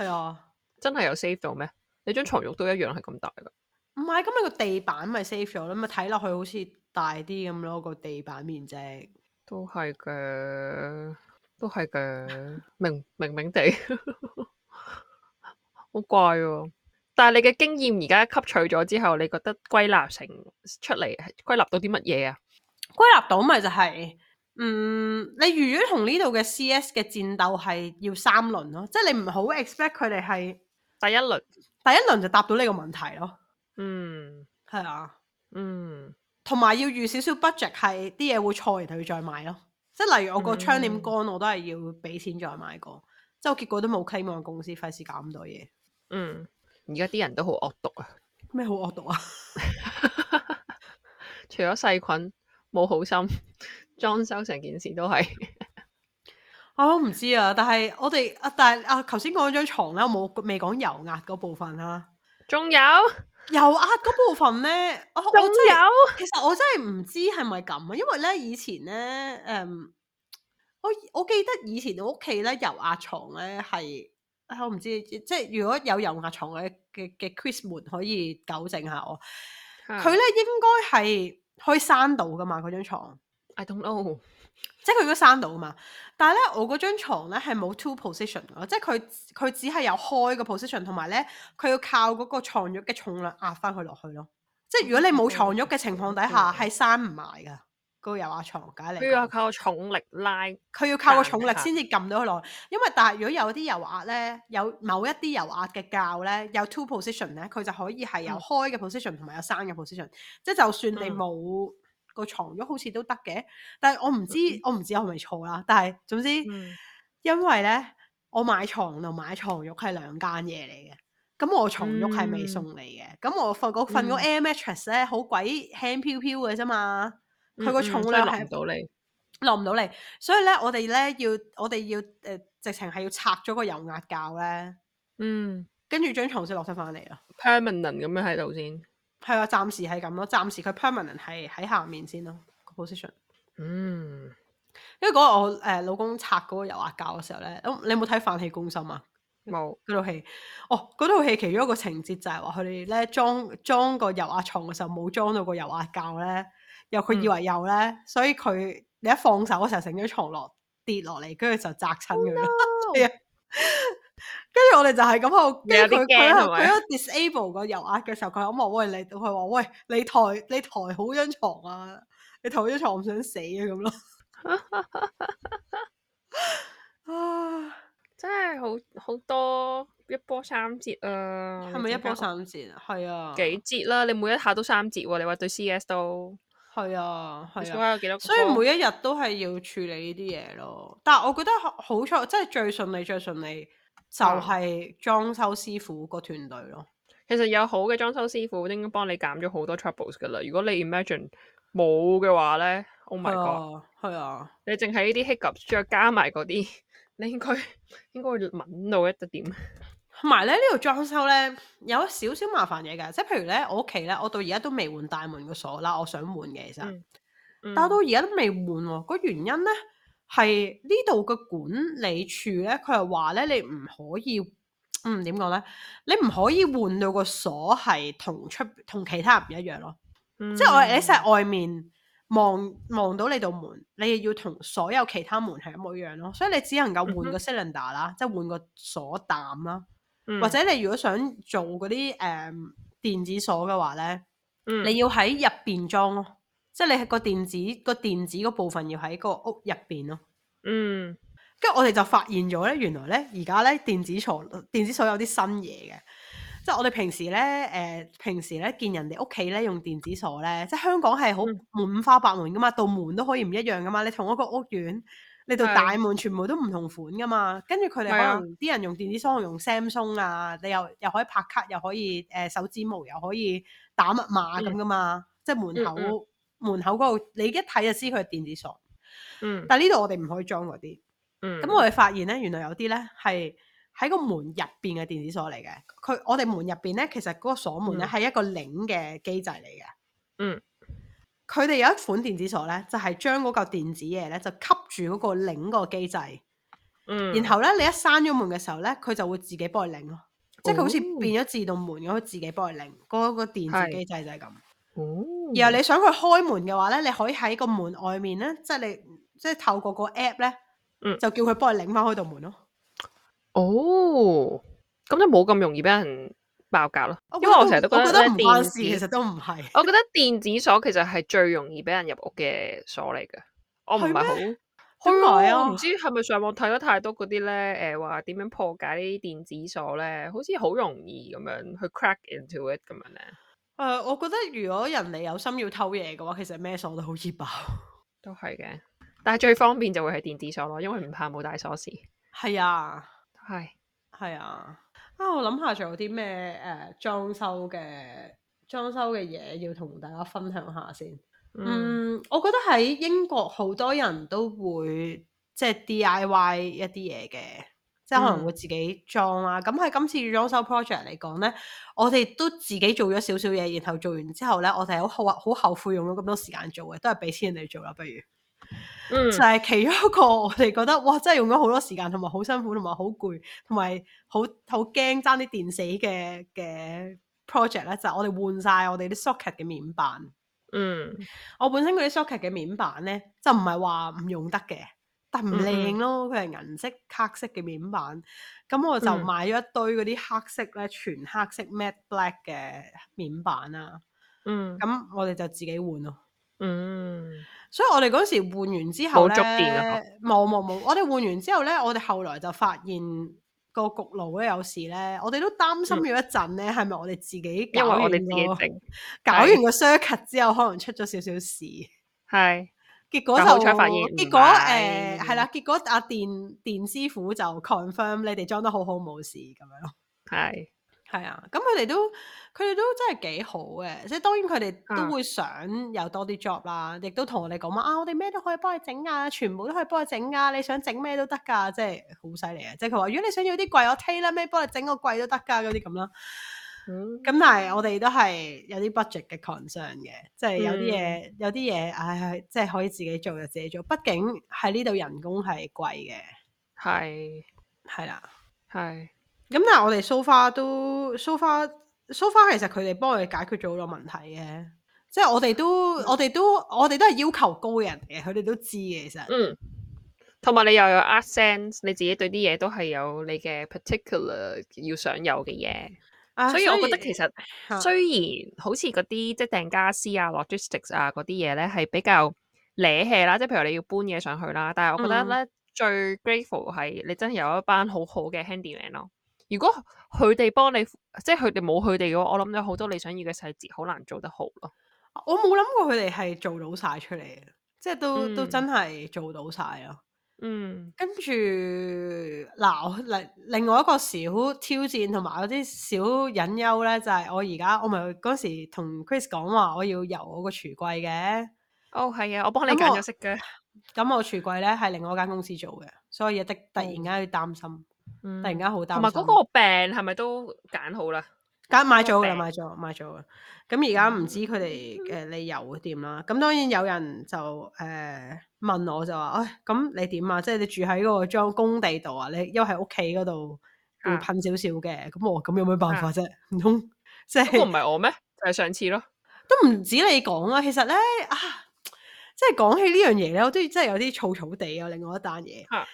，there，啊真係有 safe 到咩？你張床褥都一樣係咁大噶。唔係，咁你個地板咪 safe 咗啦。咁咪睇落去好似大啲咁咯，個地板面積。都係嘅，都係嘅，明明明地，好 怪喎、啊！但係你嘅經驗而家吸取咗之後，你覺得歸納成出嚟，歸納到啲乜嘢啊？歸納到咪就係、是，嗯，你如果同呢度嘅 C.S. 嘅戰鬥係要三輪咯，即、就、係、是、你唔好 expect 佢哋係第一輪，第一輪就答到呢個問題咯。嗯，係啊，嗯。同埋要有少預少少 budget，係啲嘢會錯而就要再買咯。即係例如我個窗簾杆，嗯、我都係要俾錢再買過。即我結果都冇 claim，我公司費事搞咁多嘢。嗯，而家啲人都好惡毒啊！咩好惡毒啊？ 除咗細菌，冇好心裝修成件事都係 哦啊。啊，唔知啊！但係我哋啊，但係啊，頭先講張床啦，冇未講油壓嗰部分啊。仲有。油壓嗰部分咧，仲 有我我，其實我真係唔知係咪咁啊，因為咧以前咧，誒、嗯，我我記得以前我屋企咧油壓床咧係、哎，我唔知，即係如果有油壓床嘅嘅嘅 Chris，可以糾正下我，佢咧 應該係可以閂到噶嘛嗰張床。I don't know。即係佢都果閂到嘛，但係咧我嗰張床咧係冇 two position，即係佢佢只係有開嘅 position，同埋咧佢要靠嗰個床褥嘅重量壓翻佢落去咯。即係如果你冇床褥嘅情況底下係閂唔埋噶，嗰個油壓床你，佢要靠個重力拉，佢要靠個重力先至撳到佢落去。嗯嗯嗯、因為但係如果有啲油壓咧，有某一啲油壓嘅教咧有 two position 咧，佢就可以係有開嘅 position 同埋有閂嘅 position。即係就算你冇、嗯。個床褥好似都得嘅，但係我唔知， 我唔知係咪錯啦。但係總之，嗯、因為咧，我買床同買床褥係兩間嘢嚟嘅。咁我床褥係未送你嘅。咁、嗯、我瞓嗰瞓嗰 air mattress 咧，好鬼輕飄飄嘅啫嘛。佢個、嗯、重量係落唔到嚟，落唔到嚟。所以咧，我哋咧要，我哋要誒，呃、直情係要拆咗個油壓膠咧。嗯，跟住張床先落晒翻嚟啦。Permanent 咁樣喺度先。係啊，暫時係咁咯，暫時佢 permanent 係喺下面先咯，這個 position。嗯，因為嗰日我誒、呃、老公拆嗰個油壓教嘅時候咧，咁你有冇睇《飯氣攻心》啊？冇嗰套戲。哦，嗰套戲其中一個情節就係話佢哋咧裝裝個油壓床嘅時候冇裝到個油壓教咧，又佢以為有咧，嗯、所以佢你一放手嘅時候，成張床落跌落嚟，跟住就砸親佢咯。哦 跟住我哋就係咁喺度，跟住佢佢佢都 disable 個油壓嘅時候，佢咁話喂你，佢話喂你抬你抬好張床啊，你抬好張床，我唔想死啊咁咯。啊，真係好好多一波三折啊！係咪一波三折吧啊？係啊，幾折啦？你每一下都三折，啊，你話對 C S 都係啊，係啊，啊所以每一日都係要處理呢啲嘢咯。但係我覺得好彩，真係最順利，最順利。就係裝修師傅個團隊咯。其實有好嘅裝修師傅，應該幫你減咗好多 troubles 噶啦。如果你 imagine 冇嘅話咧，Oh my god，係啊，啊你淨係呢啲 hiccups，再加埋嗰啲，你應該應該會敏到一個點？同埋咧呢度裝修咧有少少麻煩嘢嘅，即係譬如咧我屋企咧，我到而家都未換大門嘅鎖啦，我想換嘅其實，嗯嗯、但到而家都未換喎，個原因咧？係呢度嘅管理處咧，佢係話咧，你唔可以，嗯，點講咧？你唔可以換到個鎖係同出同其他人唔一樣咯。Mm hmm. 即係我喺晒外面望望到你度門，你又要同所有其他門係一模一樣咯。所以你只能夠換個 cylinder 啦，mm hmm. 即係換個鎖膽啦。Mm hmm. 或者你如果想做嗰啲誒電子鎖嘅話咧，mm hmm. 你要喺入邊裝咯。即係你係個電子個電子嗰部分要喺個屋入邊咯。嗯，跟住我哋就發現咗咧，原來咧而家，咧電子鎖電子鎖有啲新嘢嘅。即係我哋平時咧誒、呃，平時咧見人哋屋企咧用電子鎖咧，即係香港係好五花八門噶嘛，道門都可以唔一樣噶嘛。你同一個屋苑，你道大門全部都唔同款噶嘛。是跟住佢哋可能啲、啊、人用電子鎖用 Samsung 啊，你又又可以拍卡，又可以誒、呃、手指模，又可以打密碼咁噶嘛。嗯、即係門口、嗯。門口嗰度，你一睇就知佢係電子鎖。嗯，但係呢度我哋唔可以裝嗰啲。嗯，咁我哋發現咧，原來有啲咧係喺個門入邊嘅電子鎖嚟嘅。佢我哋門入邊咧，其實嗰個鎖門咧係一個擰嘅機制嚟嘅。嗯，佢哋有一款電子鎖咧，就係將嗰嚿電子嘢咧就吸住嗰個擰個機制。嗯，然後咧你一閂咗門嘅時候咧，佢就會自己幫佢擰咯，嗯、即係佢好似變咗自動門咁，自己幫佢擰。嗰個電子機制就係咁。嗯然後你想佢開門嘅話咧，你可以喺個門外面咧，即係你即係透過個 app 咧、嗯，就叫佢幫你擰翻開道門咯。哦，咁就冇咁容易俾人爆格咯。因為我成日都覺得電子其實都唔係。我覺得電子鎖其實係最容易俾人入屋嘅鎖嚟嘅。我唔係好，點解啊？ 我唔知係咪上網睇得太多嗰啲咧？誒、呃，話點樣破解呢啲電子鎖咧？好似好容易咁樣去 crack into it 咁樣咧。誒、呃，我覺得如果人哋有心要偷嘢嘅話，其實咩鎖都好易爆，都係嘅。但係最方便就會係電子鎖咯，因為唔怕冇帶鎖匙。係啊，係係是啊。啊，我諗下仲有啲咩誒裝修嘅裝修嘅嘢要同大家分享下先。嗯，嗯，我覺得喺英國好多人都會即係、就是、DIY 一啲嘢嘅。即係可能會自己裝啦，啊，咁喺今次裝修 project 嚟講呢，我哋都自己做咗少少嘢，然後做完之後呢，我哋好後好後悔用咗咁多時間做嘅，都係俾錢人哋做啦，不如。嗯，就係其中一個我哋覺得，哇，真係用咗好多時間，同埋好辛苦，同埋好攰，同埋好好驚爭啲電死嘅嘅 project 呢。」就係，我哋換晒我哋啲 socket 嘅面板。嗯。我本身嗰啲 socket 嘅面板呢，就唔係話唔用得嘅。但唔靚咯，佢係銀色、黑色嘅面板。咁、嗯、我就買咗一堆嗰啲黑色咧，嗯、全黑色 matte black 嘅面板啦。嗯，咁我哋就自己換咯。嗯，所以我哋嗰時換完之後咧，冇冇冇，我哋換完之後咧，我哋後來就發現個焗爐咧有事咧，我哋都擔心咗一陣咧，係咪、嗯、我哋自己搞完、嗰個嘢整，搞完個 circuit 之後是可能出咗少少事。係。結果就，就發現結果誒係啦。結果阿、啊、電電師傅就 confirm 你哋裝得好好冇事咁樣。係係是樣啊，咁佢哋都佢哋都真係幾好嘅。即係當然佢哋都會想有多啲 job 啦，亦、嗯、都同我哋講話啊，我哋咩都可以幫你整啊，全部都可以幫你整啊，你想整咩都得噶，即係好犀利啊！即係佢話如果你想要啲櫃，我 tailor made 幫你整個櫃都得噶，嗰啲咁啦。咁、嗯、但係我哋都係有啲 budget 嘅 concern 嘅，即係有啲嘢有啲嘢，唉、哎，即、就、係、是、可以自己做就自己做。畢竟喺呢度人工係貴嘅，係係啦，係咁的。的但係我哋 so far 都 so far so far，so 其實佢哋幫我哋解決咗好多問題嘅，即、就、係、是、我哋都、嗯、我哋都我哋都係要求高人嘅，佢哋都知嘅。其實嗯，同埋你又有 accent，你自己對啲嘢都係有你嘅 particular 要想有嘅嘢。啊、所以、所以我覺得其實雖然好似嗰啲即係訂家私啊、logistics 啊嗰啲嘢咧係比較惹氣啦，即係譬如你要搬嘢上去啦，但係我覺得咧、嗯、最 grateful 係你真係有一班好好嘅 handyman 咯。如果佢哋幫你，即係佢哋冇佢哋嘅話，我諗有好多你想要嘅細節好難做得好咯。我冇諗過佢哋係做到晒出嚟嘅，即係都、嗯、都真係做到晒咯。嗯，跟住嗱，另另外一個小挑戰同埋嗰啲小隱憂咧，就係、是、我而家我咪嗰時同 Chris 講話我要油我個櫥櫃嘅，哦係啊，我幫你揀咗色嘅。咁我櫥櫃咧係另外一間公司做嘅，所以亦突突然間去擔心，突然間好擔心。同埋嗰個病係咪都揀好啦？揀買咗噶啦，買咗買咗噶。咁而家唔知佢哋嘅理由點啦。咁當然有人就誒。呃問我就話，唉、哎，咁你點啊？即係你住喺個裝工地度啊？你又喺屋企嗰度會噴少少嘅。咁我咁有咩辦法啫？唔通的即係嗰唔係我咩？就係、是、上次咯。都唔止你講啊。其實咧啊，即係講起呢樣嘢咧，我都真係有啲燥燥地啊。另外一單嘢。嚇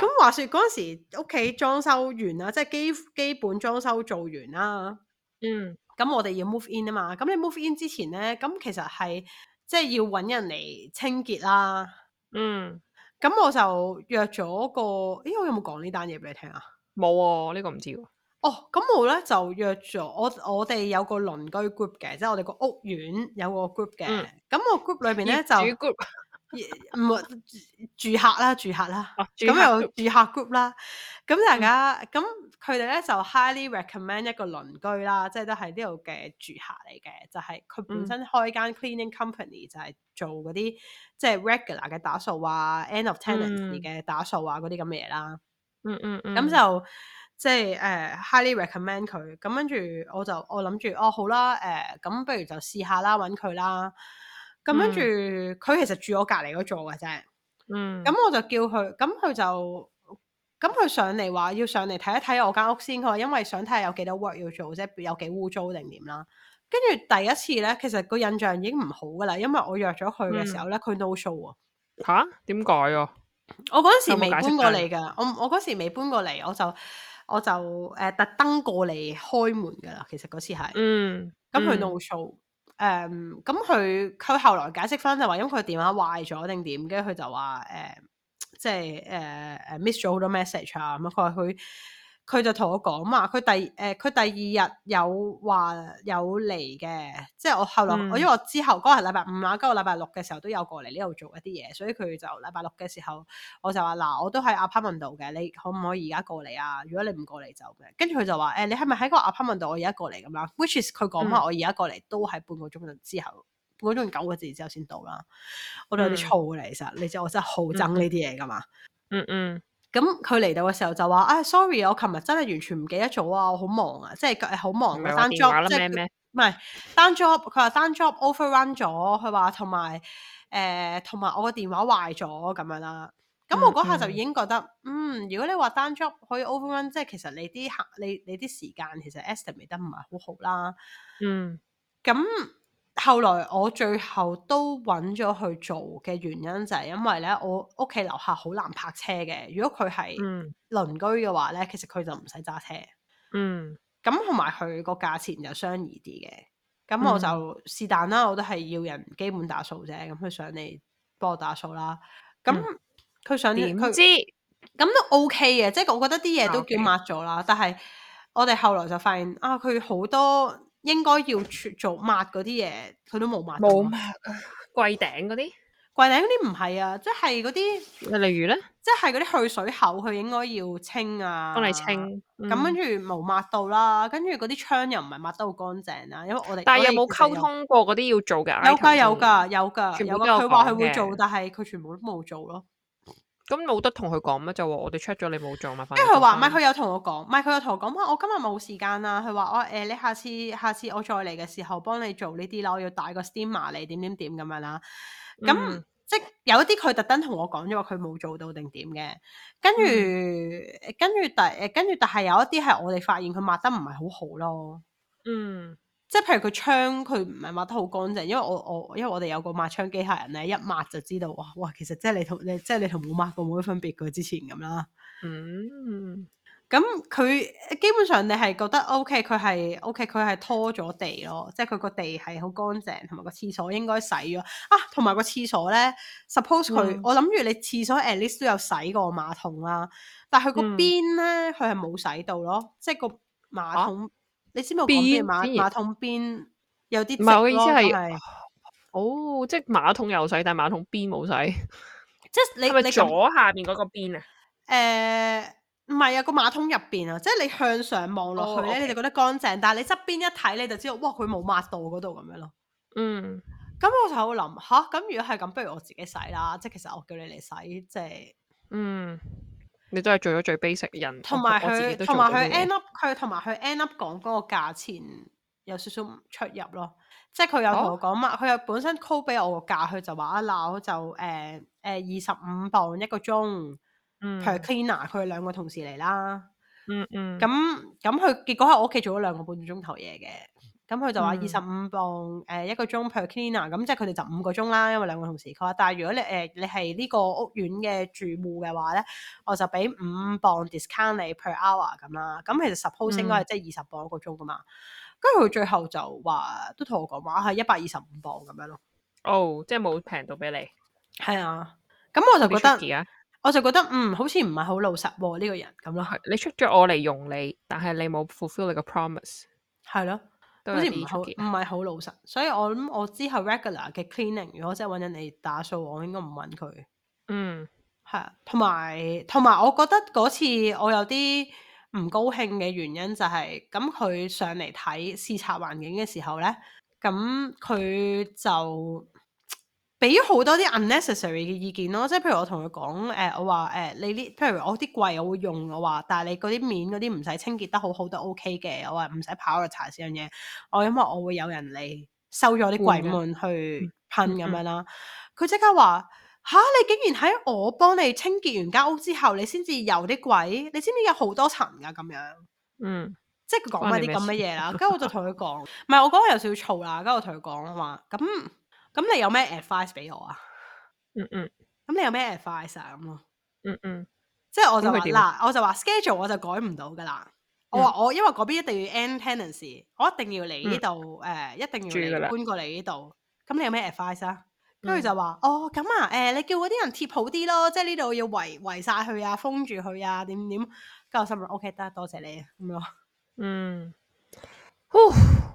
的！咁話説嗰陣時屋企裝修完啦，即係基基本裝修做完啦。嗯。咁我哋要 move in 啊嘛。咁你 move in 之前咧，咁其實係即係要揾人嚟清潔啦。嗯，咁我就約咗個，咦，我有冇講呢單嘢俾你聽啊？冇、這個、啊，呢個唔知喎。哦，咁我咧就約咗，我我哋有個鄰居 group 嘅，即係我哋個屋苑有個 group 嘅，咁、嗯、我 group 裏邊咧就業主 group 住客啦，住客啦，咁又、啊、住，住客 group 啦，咁大家咁佢哋咧就 highly recommend 一個鄰居啦，即、就、係、是、都喺呢度嘅住客嚟嘅，就係、是、佢本身開間 cleaning company、嗯、就係做嗰啲即係 regular 嘅打掃啊，end of tenancy 嘅、嗯、打掃啊嗰啲咁嘅嘢啦。嗯，嗯嗯。咁就即係誒 highly recommend 佢，咁跟住我就我諗住哦好啦，誒、uh，咁不如就試下啦，搵佢啦。咁跟住，佢、嗯、其實住我隔離嗰座嘅啫。嗯。咁我就叫佢，咁佢就，咁佢上嚟話要上嚟睇一睇我間屋先，佢話因為想睇下有幾多 work 要做啫，有幾污糟定點啦。跟住第一次咧，其實個印象已經唔好噶啦，因為我約咗佢嘅時候咧，佢 no show 啊。吓？點解啊？我嗰陣時未搬過嚟噶，我我嗰時未搬過嚟，我就我就誒特登過嚟開門噶啦。其實嗰次係。嗯。咁佢、嗯、no show。誒咁佢佢後來解釋返就話，因為佢電話壞咗定點，跟住佢就話誒、嗯，即係誒誒 miss 咗好多 message 啊，咁佢話佢。它佢就同我講嘛，佢第誒佢、呃、第二日有話有嚟嘅，即、就、係、是、我後來我、嗯、因為我之後嗰日禮拜五啊，跟住禮拜六嘅時候都有過嚟呢度做一啲嘢，所以佢就禮拜六嘅時候，我就話嗱我都喺 apartment 度嘅，你可唔可以而家過嚟啊？如果你唔過嚟就嘅，跟住佢就話誒、欸、你係咪喺個 apartment 度？嗯、我而家過嚟咁啦 which is 佢講話我而家過嚟都係半個鐘之後，半個鐘九個字之後先到啦。我都有啲躁嘅其實，你知道我真係好憎呢啲嘢噶嘛？嗯嗯。咁佢嚟到嘅時候就話啊，哎，sorry，我琴日真係完全唔記得咗啊，我好忙啊，即係好忙嘅啊。咩？單 job 即係唔係單 job，佢話單 job overrun 咗，佢話同埋誒，同埋我個電話壞咗咁樣啦。咁我嗰下就已經覺得，嗯，嗯，嗯，如果你話單 job 可以 overrun，即係其實你啲客你你啲時間其實 estimate 得唔係好好啦。嗯，咁。後來我最後都揾咗去做嘅原因就係因為呢，我屋企樓下好難泊車嘅。如果佢係鄰居嘅話呢，嗯、其實佢就唔使揸車。咁同埋佢個價錢就相宜啲嘅。咁我就是但啦，我都係要人基本打掃啫。咁佢上嚟幫我打掃啦。咁佢上嚟唔知。咁都 OK 嘅，即係我覺得啲嘢都叫抹咗啦。啊 okay。但係我哋後來就發現啊，佢好多。應該要做抹嗰啲嘢，佢都冇抹，抹。冇抹櫃頂嗰啲，櫃頂嗰啲唔係啊，即係嗰啲。例如咧，即係嗰啲去水口，佢應該要清啊，幫你清。咁、嗯、跟住冇抹到啦，跟住嗰啲窗又唔係抹得好乾淨啊，因為我哋。但係有冇有溝通過嗰啲要做㗎？有㗎有㗎有㗎，佢話佢會做，但係佢全部都冇做咯。咁冇得同佢講咩，就話我哋 check 咗你冇做嘛。即係佢話，唔係佢有同我講，唔係佢有同我講話，我今日冇時間啦、啊。佢話我誒，你下次下次我再嚟嘅時候，幫你做呢啲啦。我要帶個 steamer 嚟，點點點咁樣啦、啊。咁、嗯、即有一啲佢特登同我講咗，佢冇做到定點嘅。跟住、嗯、跟住但誒跟住但係有一啲係我哋發現佢抹得唔係好好咯。嗯。即係譬如個窗佢唔係抹得好乾淨，因為我我因為我哋有個抹窗機械人咧，一抹就知道哇哇，其實即係你同你即係你同冇抹過冇乜分別嘅之前咁啦，嗯。嗯，咁佢基本上你係覺得 OK，佢係 OK，佢係拖咗地咯，即係佢個地係好乾淨，同埋個廁所應該洗咗啊，同埋個廁所咧，suppose 佢、嗯、我諗住你廁所 at least 都有洗過馬桶啦，但佢個邊咧佢係冇洗到咯，即係個馬桶、啊。你知冇？講邊馬？馬桶邊有啲唔係我意思係，是哦，即係馬桶有洗，但係馬桶邊冇洗。即係你你左下邊嗰個邊、呃、啊？誒，唔係啊，個馬桶入邊啊，即係你向上望落去咧，哦、你就覺得乾淨，okay。但係你側邊一睇你就知道，哇，佢冇抹到嗰度咁樣咯。嗯，咁我就喺度諗嚇，咁如果係咁，不如我自己洗啦。即係其實我叫你嚟洗，即、就、係、是、嗯。你都係做咗最 basic 嘅人，同埋佢，同埋佢 end up，佢同埋佢 end up 講嗰個價錢有少少出入咯。即係佢有同我講嘛，佢有、oh. 本身 call 俾我個價，佢就話一鬧就誒誒二十五磅一個鐘。嗯、mm.，佢 cleaner 佢兩個同事嚟啦，嗯嗯、mm，咁咁佢結果喺我屋企做咗兩個半鐘頭嘢嘅。咁佢就話二十五磅誒、呃、一個鐘 per cleaner，咁、嗯、即係佢哋就五個鐘啦，因為兩個同事。佢話，但係如果你誒、呃、你係呢個屋苑嘅住戶嘅話咧，我就俾五磅 discount 你 per hour 咁啦。咁、嗯、其實 suppose 應該係即係二十磅一個鐘噶嘛。跟住佢最後就話都同我講話係一百二十五磅咁樣咯。哦，oh, 即係冇平到俾你。係啊，咁我就覺得，啊、我就覺得嗯，好似唔係好老實喎、啊、呢、呢個人咁咯。你出咗我嚟用你，但係你冇 fulfill 你個 promise，係咯。好似唔係好唔係好老實，所以我諗我之後 regular 嘅 cleaning，如果真係揾人哋打掃，我應該唔揾佢。嗯，係啊，同埋同埋，我覺得嗰次我有啲唔高興嘅原因就係，咁佢上嚟睇視察環境嘅時候呢，咁、嗯、佢、嗯嗯、就。俾咗好多啲 unnecessary 嘅意見咯，即係譬如我同佢講，誒、呃、我話誒、呃、你呢，譬如我啲櫃我會用，我話，但係你嗰啲面嗰啲唔使清潔得好好都 OK 嘅，我話唔使跑嚟擦，呢樣嘢，我因為我會有人嚟收咗啲櫃門去噴咁的樣啦。佢即刻話吓，你竟然喺我幫你清潔完間屋之後，你先至有啲櫃，你知唔知有好多層㗎咁樣？嗯，即係佢講乜啲咁嘅嘢啦？跟住我就同佢講，唔係 我講有少少嘈啦，跟住我同佢講啊嘛，咁。咁你有咩 advice 俾我啊？嗯嗯，咁、嗯、你有咩 advice 啊？咁咯、嗯，嗯嗯，即係我就話嗱，我就話 schedule 我就改唔到噶啦。嗯、我話我因為嗰邊一定要 end tenancy，我一定要嚟呢度誒，一定要了搬過嚟呢度。咁你有咩 advice 啊？跟住就話、嗯、哦，咁啊誒、呃，你叫嗰啲人貼好啲咯，即係呢度要圍圍晒佢啊，封住佢啊，點點。跟我心諗，O K 得，多謝你啊咁咯。嗯，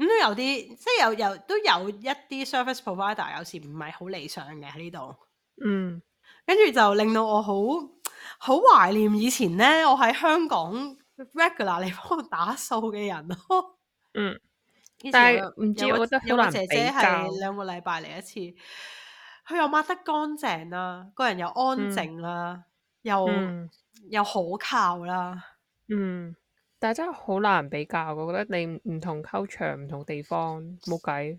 咁都有啲，即係有有都有一啲 service provider 有時唔係好理想嘅喺呢度。嗯，跟住就令到我好好懷念以前咧，我喺香港 regular 嚟幫我打掃嘅人咯。 嗯，但係唔知有我覺得有個姐姐係兩個禮拜嚟一次，佢又抹得乾淨啦、啊，個人又安靜啦、啊，又又可靠啦。嗯。但係真係好難比較，我覺得你唔同溝場唔同地方冇計，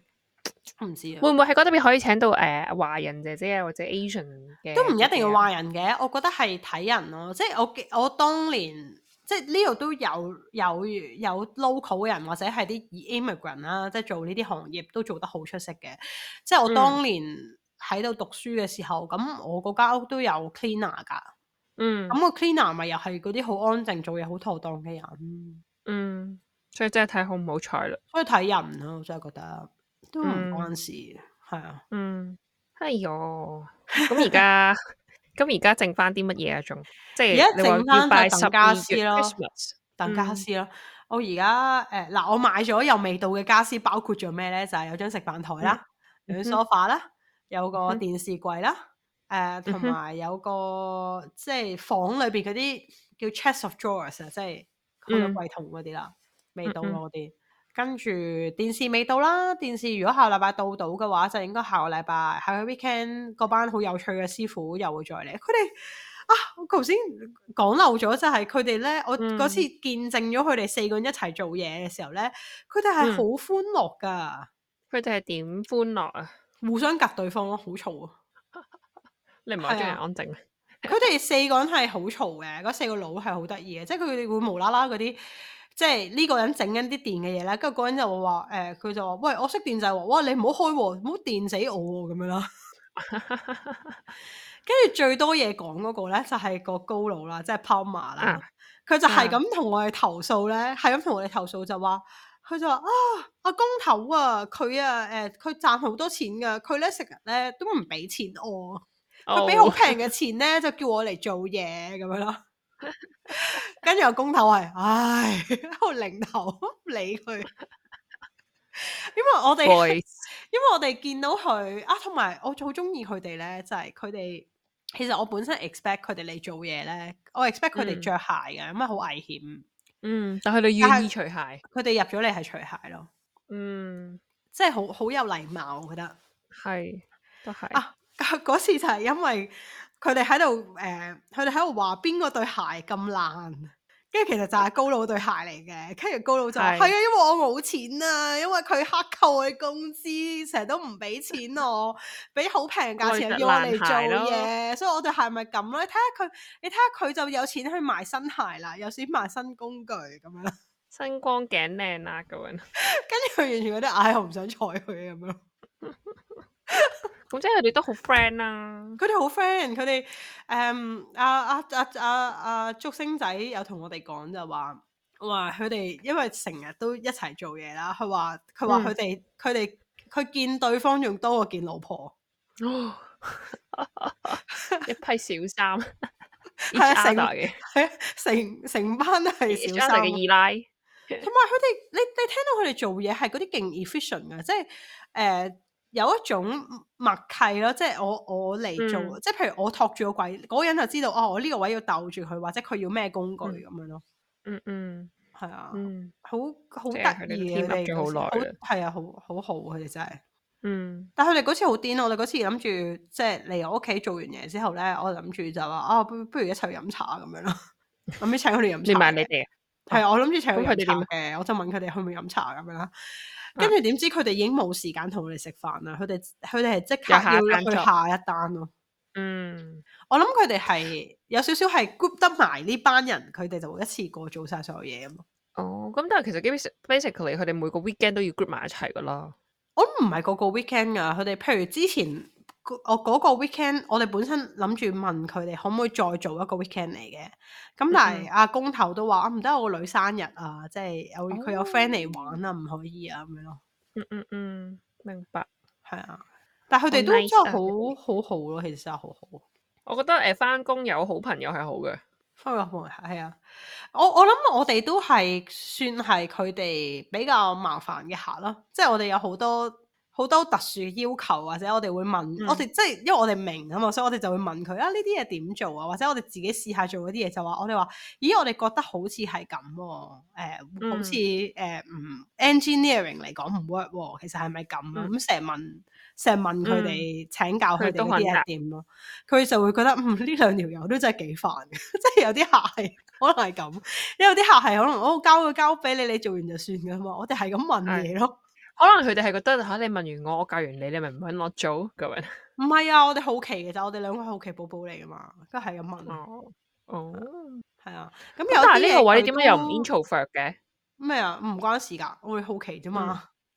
我唔知啊。會唔會係覺得你可以請到誒、呃、華人姐姐或者 Asian 嘅？都唔一定要華人嘅，我覺得係睇人咯。即係我我當年即係呢度都有有有 local 人或者係啲 immigrant 啦，即係做呢啲行業都做得好出色嘅。即係我當年喺度讀書嘅時候，咁、嗯、我嗰間屋都有 cleaner 噶。嗯，咁個 cleaner 咪又係嗰啲好安靜做嘢好妥當嘅人，嗯，所以真係睇好唔好彩啦，所以睇人咯，我真係覺得都唔關事，係啊，嗯，哎唷，咁而家咁而家剩翻啲乜嘢啊？仲即係剩翻就係等家私咯，等家私咯，我而家誒嗱，我買咗又未到嘅家私包括咗咩咧？就係有張食飯台啦，有啲梳化啦，有個電視櫃啦。誒，同埋、uh, 有個、嗯、哼即係房裏邊嗰啲叫 chest of drawers 啊、嗯哼，即係佢個櫃筒嗰啲啦，未到嗰啲。嗯、哼跟住電視未到啦，電視如果下禮拜到到嘅話，就應該下個禮拜下個 weekend 嗰班好有趣嘅師傅又會再嚟。佢哋啊，我頭先講漏咗就係佢哋咧。我嗰次見證咗佢哋四個人一齊做嘢嘅時候咧，佢哋係好歡樂㗎。佢哋係點歡樂啊？互相格對方咯，好嘈啊！你唔係中意安靜？佢哋四個人係好嘈嘅，嗰四個佬係好得意嘅，即係佢哋會無啦啦嗰啲，即係呢個人整緊啲電嘅嘢咧，跟住嗰個人就會話誒，佢、欸、就話喂，我識電就話，哇！你唔好開喎，唔好電死我咁樣啦。跟 住最多嘢講嗰個咧，就係、是、個高佬啦，即係 Palmer 啦、啊，佢就係咁同我哋投訴咧，係咁同我哋投訴就話，佢就話啊，阿工頭啊，佢啊誒，佢、欸、賺好多錢㗎，佢咧成日咧都唔俾錢我。佢俾好平嘅錢咧， 就叫我嚟做嘢咁樣咯。 跟住個工頭係，唉、 哎，一個零頭，唔理佢。 因為我哋，因為我哋見到佢啊，同埋我好中意佢哋咧，就係佢哋。其實我本身 expect 佢哋嚟做嘢咧，我 expect 佢哋着鞋嘅，咁咪好危險。嗯，但係佢哋願意除鞋，佢哋入咗嚟係除鞋咯。嗯，即係好好有禮貌，我覺得係都係。嗰次就係因為佢哋喺度誒，佢哋喺度話邊個對鞋咁爛，跟住其實就係高佬對鞋嚟嘅。跟住高佬就係啊，的因為我冇錢啊，因為佢克扣我嘅工資，成日都唔俾錢我，俾好平價錢叫 我嚟做嘢， 所以我對鞋咪咁咯。你睇下佢，你睇下佢就有錢去買新鞋啦，有錢買新工具咁樣， 新光頸靚啦咁樣。跟住佢完全覺得唉，我唔想睬佢咁樣。總之佢哋都好 friend 啦，佢哋好 friend，佢哋誒，阿阿阿阿阿竹星仔有同我哋講就話，我話佢哋因為成日都一齊做嘢啦，佢話佢話佢哋佢哋佢見對方仲多過見老婆， 一批小三，係啊 對，成係啊，成成 班都係小三嘅二奶，同埋佢哋，你你聽到佢哋做嘢係嗰啲勁 efficient 㗎，即係誒。呃有一種默契咯，即係我我嚟做，嗯、即係譬如我托住個位，嗰個人就知道哦，我呢個位要鬥住佢，或者佢要咩工具咁樣咯。嗯嗯，係啊，好好得意嘅，好耐嘅，係啊，好好好佢哋真係。嗯，但係佢哋嗰次好癲，我哋嗰次諗住即係嚟我屋企做完嘢之後咧，我諗住就話啊、哦，不如一齊去飲茶咁樣咯。諗住請佢哋飲茶，連埋 你哋。係我諗住請佢哋飲茶，我就問佢哋去唔去飲茶咁樣啦。跟住點知佢哋已經冇時間同我哋食飯啦，佢哋佢哋係即刻要去下一單咯。嗯，我諗佢哋係有少少係 group 得埋呢班人，佢哋就一次過做晒所有嘢啊嘛。哦，咁但係其實基本 basically 佢哋每個 weekend 都要 group 埋一齊噶啦。我唔係個個 weekend 噶，佢哋譬如之前。我嗰個 weekend，我哋本身諗住問佢哋可唔可以再做一個 weekend 嚟嘅，咁但係、嗯、阿公頭都話啊，唔得，我個女生日啊，即係有佢、哦、有 friend 嚟玩啊，唔可以啊咁樣咯。嗯嗯嗯，明白。係啊，但係佢哋都真係好好好、啊、咯，其實真係好好。我覺得誒，翻、呃、工有好朋友係好嘅，翻工好朋友係啊。我我諗我哋都係算係佢哋比較麻煩嘅客啦，即係我哋有好多。好多特殊要求或者我哋會問，嗯、我哋即係因為我哋明啊嘛，所以我哋就會問佢啊，呢啲嘢點做啊？或者我哋自己試下做嗰啲嘢就話我哋話，咦，我哋覺得好似係咁，誒、呃、好似誒唔 engineering 嚟講唔 work，其實係咪咁？咁成日問成日問佢哋、嗯、請教佢哋啲嘢點咯，佢就會覺得嗯，呢兩條友都真係幾煩，即 係有啲客係可能係咁，因為啲客係可能我、哦、交佢交俾你，你做完就算噶嘛，我哋係咁問你咯 對。 可能佢哋係覺得吓、啊，你問完我，我教完你，你咪唔肯我做咁樣。唔 係啊，我哋好奇嘅，就我哋兩個好奇寶寶嚟噶嘛，都係咁問咯、哦。哦，係啊，咁、嗯、有、就是、但呢個位你點解又唔 introvert 嘅？咩啊？唔關事噶，我會好奇啫嘛。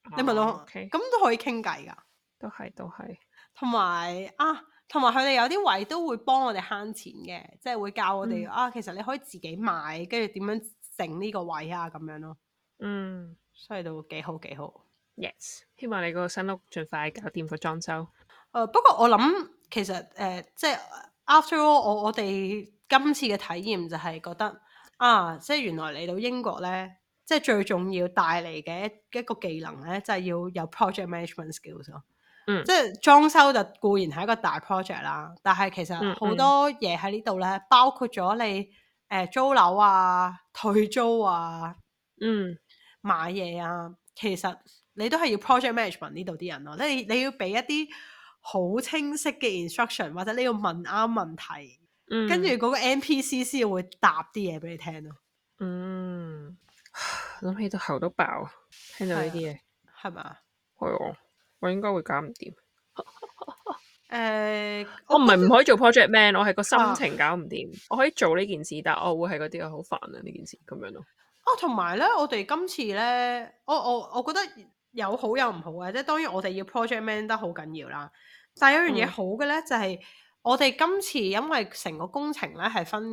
嗯啊、你問咯，咁、啊 okay. 都可以傾偈噶。都係，都係。同埋啊，同埋佢哋有啲位都會幫我哋慳錢嘅，即係會教我哋、嗯、啊，其實你可以自己買，跟住點樣整呢個位啊，咁樣咯。嗯，所以都幾好，幾好。Yes. 希望你嗰個新屋盡快搞掂個裝修。誒，uh, 不過我諗其實誒、呃，即係 after all，我我哋今次嘅體驗就係覺得啊，即係原來嚟到英國咧，即係最重要帶嚟嘅一個技能咧，就係、是、要有 project management skills 咯。嗯、即係裝修就固然係一個大 project 啦，但係其實好多嘢喺呢度咧，嗯嗯包括咗你誒、呃、租樓啊、退租啊、嗯、買嘢啊，其實。你都係要 project management 呢度啲人咯，你你要俾一啲好清晰嘅 instruction，或者你要問啱問題，嗯、跟住嗰個 m p c c 會答啲嘢俾你聽咯。嗯，諗起都喉都爆，聽到呢啲嘢係咪？我我應該會搞唔掂。誒、 欸，我唔係唔可以做 project man，我係個心情搞唔掂。啊、我可以做呢件事，但我會係嗰啲好煩啊呢件事咁樣咯。啊，同埋咧，我哋今次咧，我我我，我，我覺得。有好有唔好嘅，即係當然我哋要 project manage 得好緊要啦。但係有樣嘢好嘅咧，嗯、就係我哋今次因為成個工程咧係分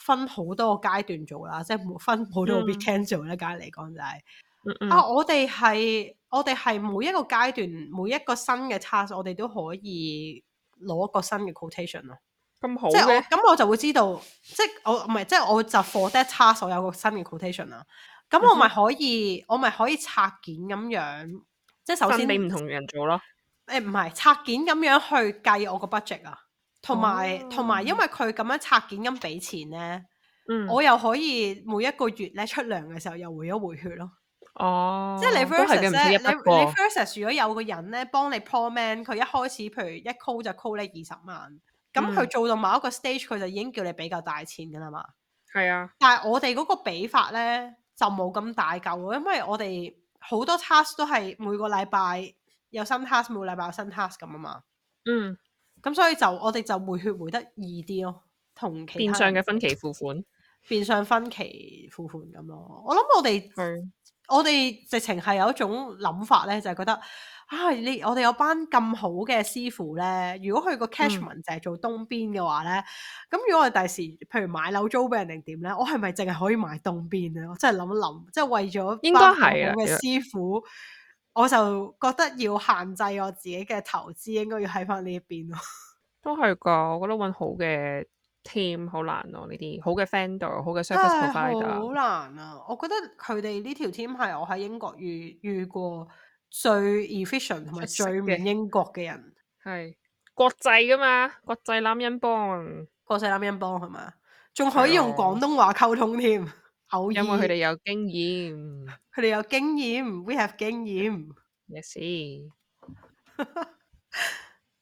分好多，多個階段做啦，即係分好多 weekend 做梗係嚟講就係、是嗯嗯、啊，我哋係我哋係每一個階段，每一個新嘅 task，我哋都可以攞一個新嘅 quotation 咯。咁好，即係我咁、嗯、我就會知道，即係我唔係即係我就 for that task 所有個新嘅 quotation 啦。咁我咪可以，嗯、哼我咪可以拆件咁樣，即係首先俾唔同人做咯。誒、欸，唔係拆件咁樣去計我個 budget 啊，同埋同埋，哦、因為佢咁樣拆件咁俾錢咧，嗯、我又可以每一個月咧出糧嘅時候又回一回血咯。哦，即係你 first 咧、啊，你你 first，如果有個人咧幫你 promote，佢一開始譬如一 call 就 call 你二十萬，咁佢、嗯、做到某一個 stage，佢就已經叫你比較大錢噶啦嘛。係啊、嗯，但係我哋嗰個比法咧。就冇咁大嚿咯，因為我哋好多 task 都係每個禮拜有新 task，每個禮拜有新 task 咁啊嘛。嗯，咁所以就我哋就回血回得易啲咯，同其他變相嘅分期付款，變相分期付款咁咯。我諗我哋我哋直情係有一種諗法咧，就係、是、覺得啊，你我哋有班咁好嘅師傅咧，如果佢個 catchment 就係做東邊嘅話咧，咁、嗯、如果我哋第時譬如買樓租俾人定點咧，我係咪淨係可以買東邊啊？我真係諗一諗，即係為咗應該係啊嘅師傅，我就覺得要限制我自己嘅投資，應該要喺返呢一邊咯。都係㗎，我覺得搵好嘅。team 難、啊、好難咯，呢啲好嘅 vendor，好嘅 service provider，好、哎、難啊！我覺得佢哋呢條 team 係我喺英國遇遇過最 efficient 同埋最唔英國嘅人，係國際噶嘛，國際男人幫，國際男人幫係嘛，仲可以用廣東話溝通添，的偶爾因為佢哋有經驗，佢哋有經驗 ，we have 經驗，咩事？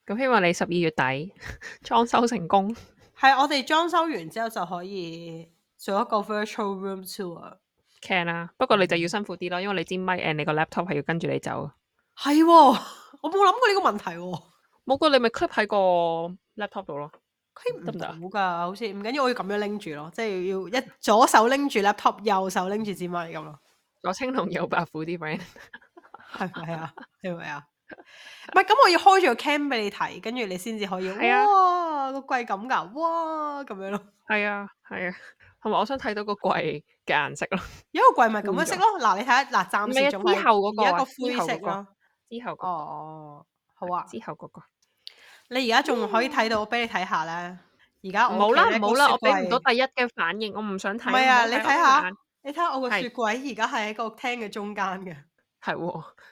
咁希望你十二月底裝修成功。係我哋裝修完之後就可以做一個 virtual room tour。Can 啊，不過你就要辛苦啲咯，因為你支咪 And 你個 laptop 係要跟住你走。係喎、啊，我冇諗過呢個問題喎、啊。冇㗎，你咪 clip 喺個 laptop 度咯。得唔得？唔好㗎，好似唔緊要，我要咁樣拎住咯，即係要一左手拎住 laptop，右手拎住支咪咁咯。左青龍右白虎啲 friend 係咪啊？係咪啊？ 唔係咁，我要開住個 cam 俾你睇，跟住你先至可以哇個櫃咁噶，哇咁樣咯，係啊，係啊，同埋我想睇到個櫃嘅顏色咯。有個櫃咪咁樣色咯。嗱，你睇下嗱，暫時之後嗰個一個灰色咯。之後哦，好啊。之後嗰個，你而家仲可以睇到俾你睇下咧。而家冇啦，冇啦，我俾唔到第一嘅反應，我唔想睇。唔係啊，你睇下，你睇下我個雪櫃而家係喺個廳嘅中間嘅，係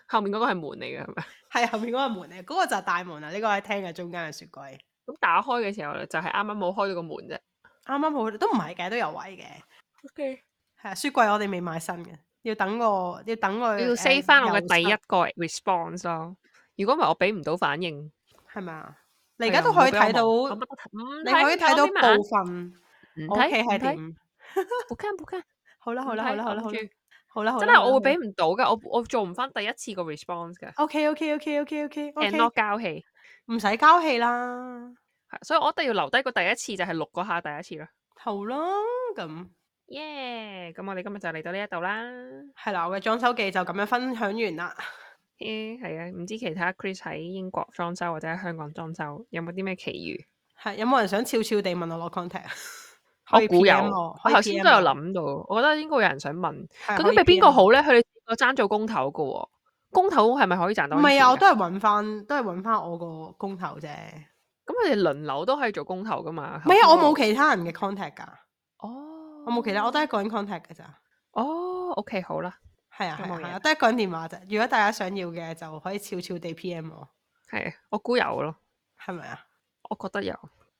後面嗰個係門嚟嘅，係咪？係後面嗰個門嚟，嗰、嗰個就係大門啦。呢、呢個喺廳嘅中間嘅雪櫃，咁打開嘅時候咧，就係啱啱冇開到個門啫。啱啱冇，都唔係嘅，都有位嘅。OK，係啊，雪櫃我哋未買新嘅，要等我，要等要我要 save 翻我嘅第一個 response 咯。如果唔係，我俾唔到反應。係咪啊？你而家都可以睇到，你可以睇到部分看。OK，係睇。好啦，好啦，好啦，好啦，好。好好啦，好啦，真係我會俾唔到噶我我做唔翻第一次個 response 噶。OK OK OK OK OK OK 多交氣，唔使交氣啦。所以我一定要留低個第一次，就係錄個下第一次咯。好啦，咁耶，yeah 咁我哋今日就嚟到呢一度啦。係啦，我嘅裝修記就咁樣分享完啦。咦，yeah，係啊，唔知其他 Chris 喺英國裝修或者喺香港裝修有冇啲咩奇遇？係有冇人想悄悄地問我攞 contact？我估有，我頭先都有諗到，我覺得應該有人想問，究竟俾邊個好咧？佢哋我爭做工頭嘅喎，工頭係咪可以賺到？唔係啊，我都係揾翻，都係揾翻我個工頭啫。咁佢哋輪流都可以做工頭噶嘛？唔係啊，我冇其他人嘅 contact 噶。哦，我冇其他，我都一個人 contact 嘅咋。哦，OK，好啦，係啊係啊，得一個人電話啫。如果大家想要嘅，就可以悄悄地 PM 我。係，我估有咯，係咪啊？我覺得有，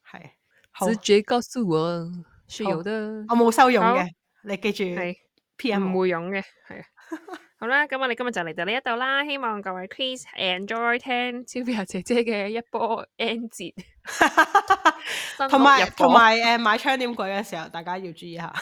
係直接告訴我。收得，我冇收佣嘅，你記住係 P.M. 唔會佣嘅，係好啦。咁我哋今日就嚟到呢一度啦。希望各位 please enjoy 聽 Sylvia 姐姐嘅一波 end 節，同埋同埋誒買窗點鬼嘅時候，大家要注意下。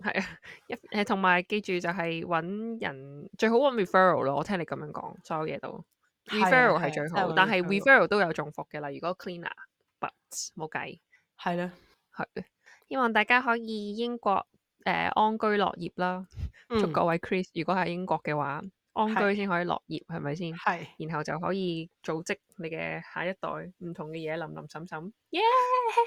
係啊，一誒同埋記住就係搵人最好搵 referral 咯。我聽你咁樣講，所有嘢都 referral 係最好，但係 referral 都有中伏嘅啦。如果 cleaner，but 冇計，係咧係。希望大家可以英國誒、呃、安居樂業啦，祝、嗯、各位 Chris 如果係英國嘅話安居先可以樂業係咪先？係，然後就可以組織你嘅下一代唔同嘅嘢，冧冧沈沈。Yeah!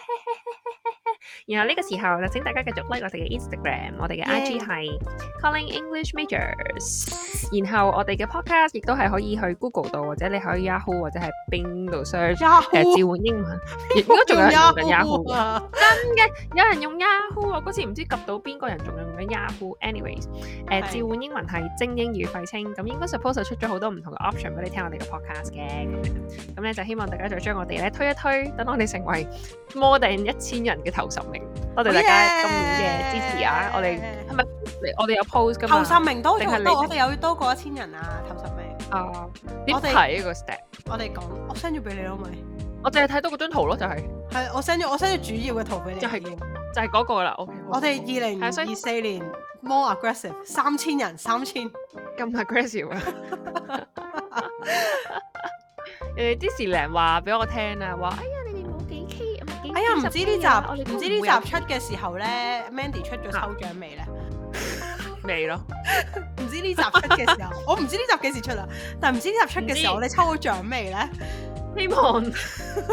然後呢個時候就請大家繼續 like 我哋嘅 Instagram，我哋嘅 IG 係 Calling English Majors。然後我哋嘅 Podcast 亦都係可以去 Google 度或者你可以 Yahoo 或者係 Bing 度 search 誒召喚英文。應該仲有人 Yahoo，真嘅有人用 Yahoo 啊！嗰次唔知及到邊個人仲用緊 Yahoo。Anyways，誒召喚英文係精英與廢青咁應該 suppose 出咗好多唔同嘅 option 俾你聽我哋嘅 Podcast 嘅。咁咧就希望大家再將我哋咧推一推，等我哋成為 more than 一千人嘅頭十名，多謝大家今年嘅支持啊！我哋係咪？我哋有 post 㗎嘛？頭十名多好多？我哋有多過一千人啊！頭十名啊！我哋睇呢個 step？我哋講，我 send 咗俾你咯咪？我淨係睇到嗰張圖咯，就係係我 send 咗，我 send 咗主要嘅圖俾你，就係就係嗰個啦。我哋二零二四年 more aggressive，三千人，三千咁 aggressive 啊！誒 Dishling 話俾我聽啊，話哎呀你。哎呀，唔知呢集唔知呢集出嘅時候咧，Mandy 出咗抽獎未咧？未咯，唔知呢集出嘅時候，我唔知呢集幾時出啦！但唔知呢集出嘅時候，你抽咗獎未咧？希望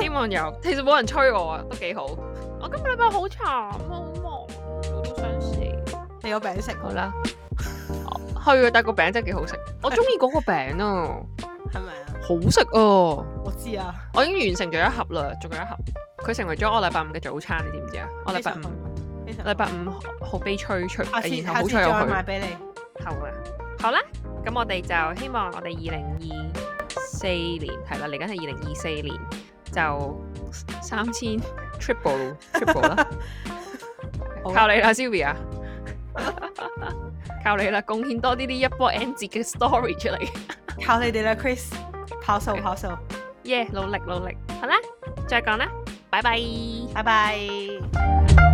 希望有，其實冇人催我啊，都幾好。我今日禮拜好慘啊，好忙，我都想死。你有餅食好啦，係啊，但個餅真係幾好食，我中意嗰個餅啊。係咪啊？好食哦！我知啊，我已經完成咗一盒啦，仲有一盒。佢成為咗我禮拜五嘅早餐，你知唔知啊？我禮拜五，禮拜五好悲催，催，催，出次然後好彩有佢。下次再買俾你。好啊，好啦，咁我哋就希望我哋二零二四年係啦，嚟緊係二零二四年就三千 triple triple 啦，靠你啦，Sylvia。靠你啦，貢獻多啲啲一波 N 字嘅 story 出嚟，靠你哋啦，Chris 跑數跑數，耶，努力努力，好啦，再講啦，拜拜，拜拜。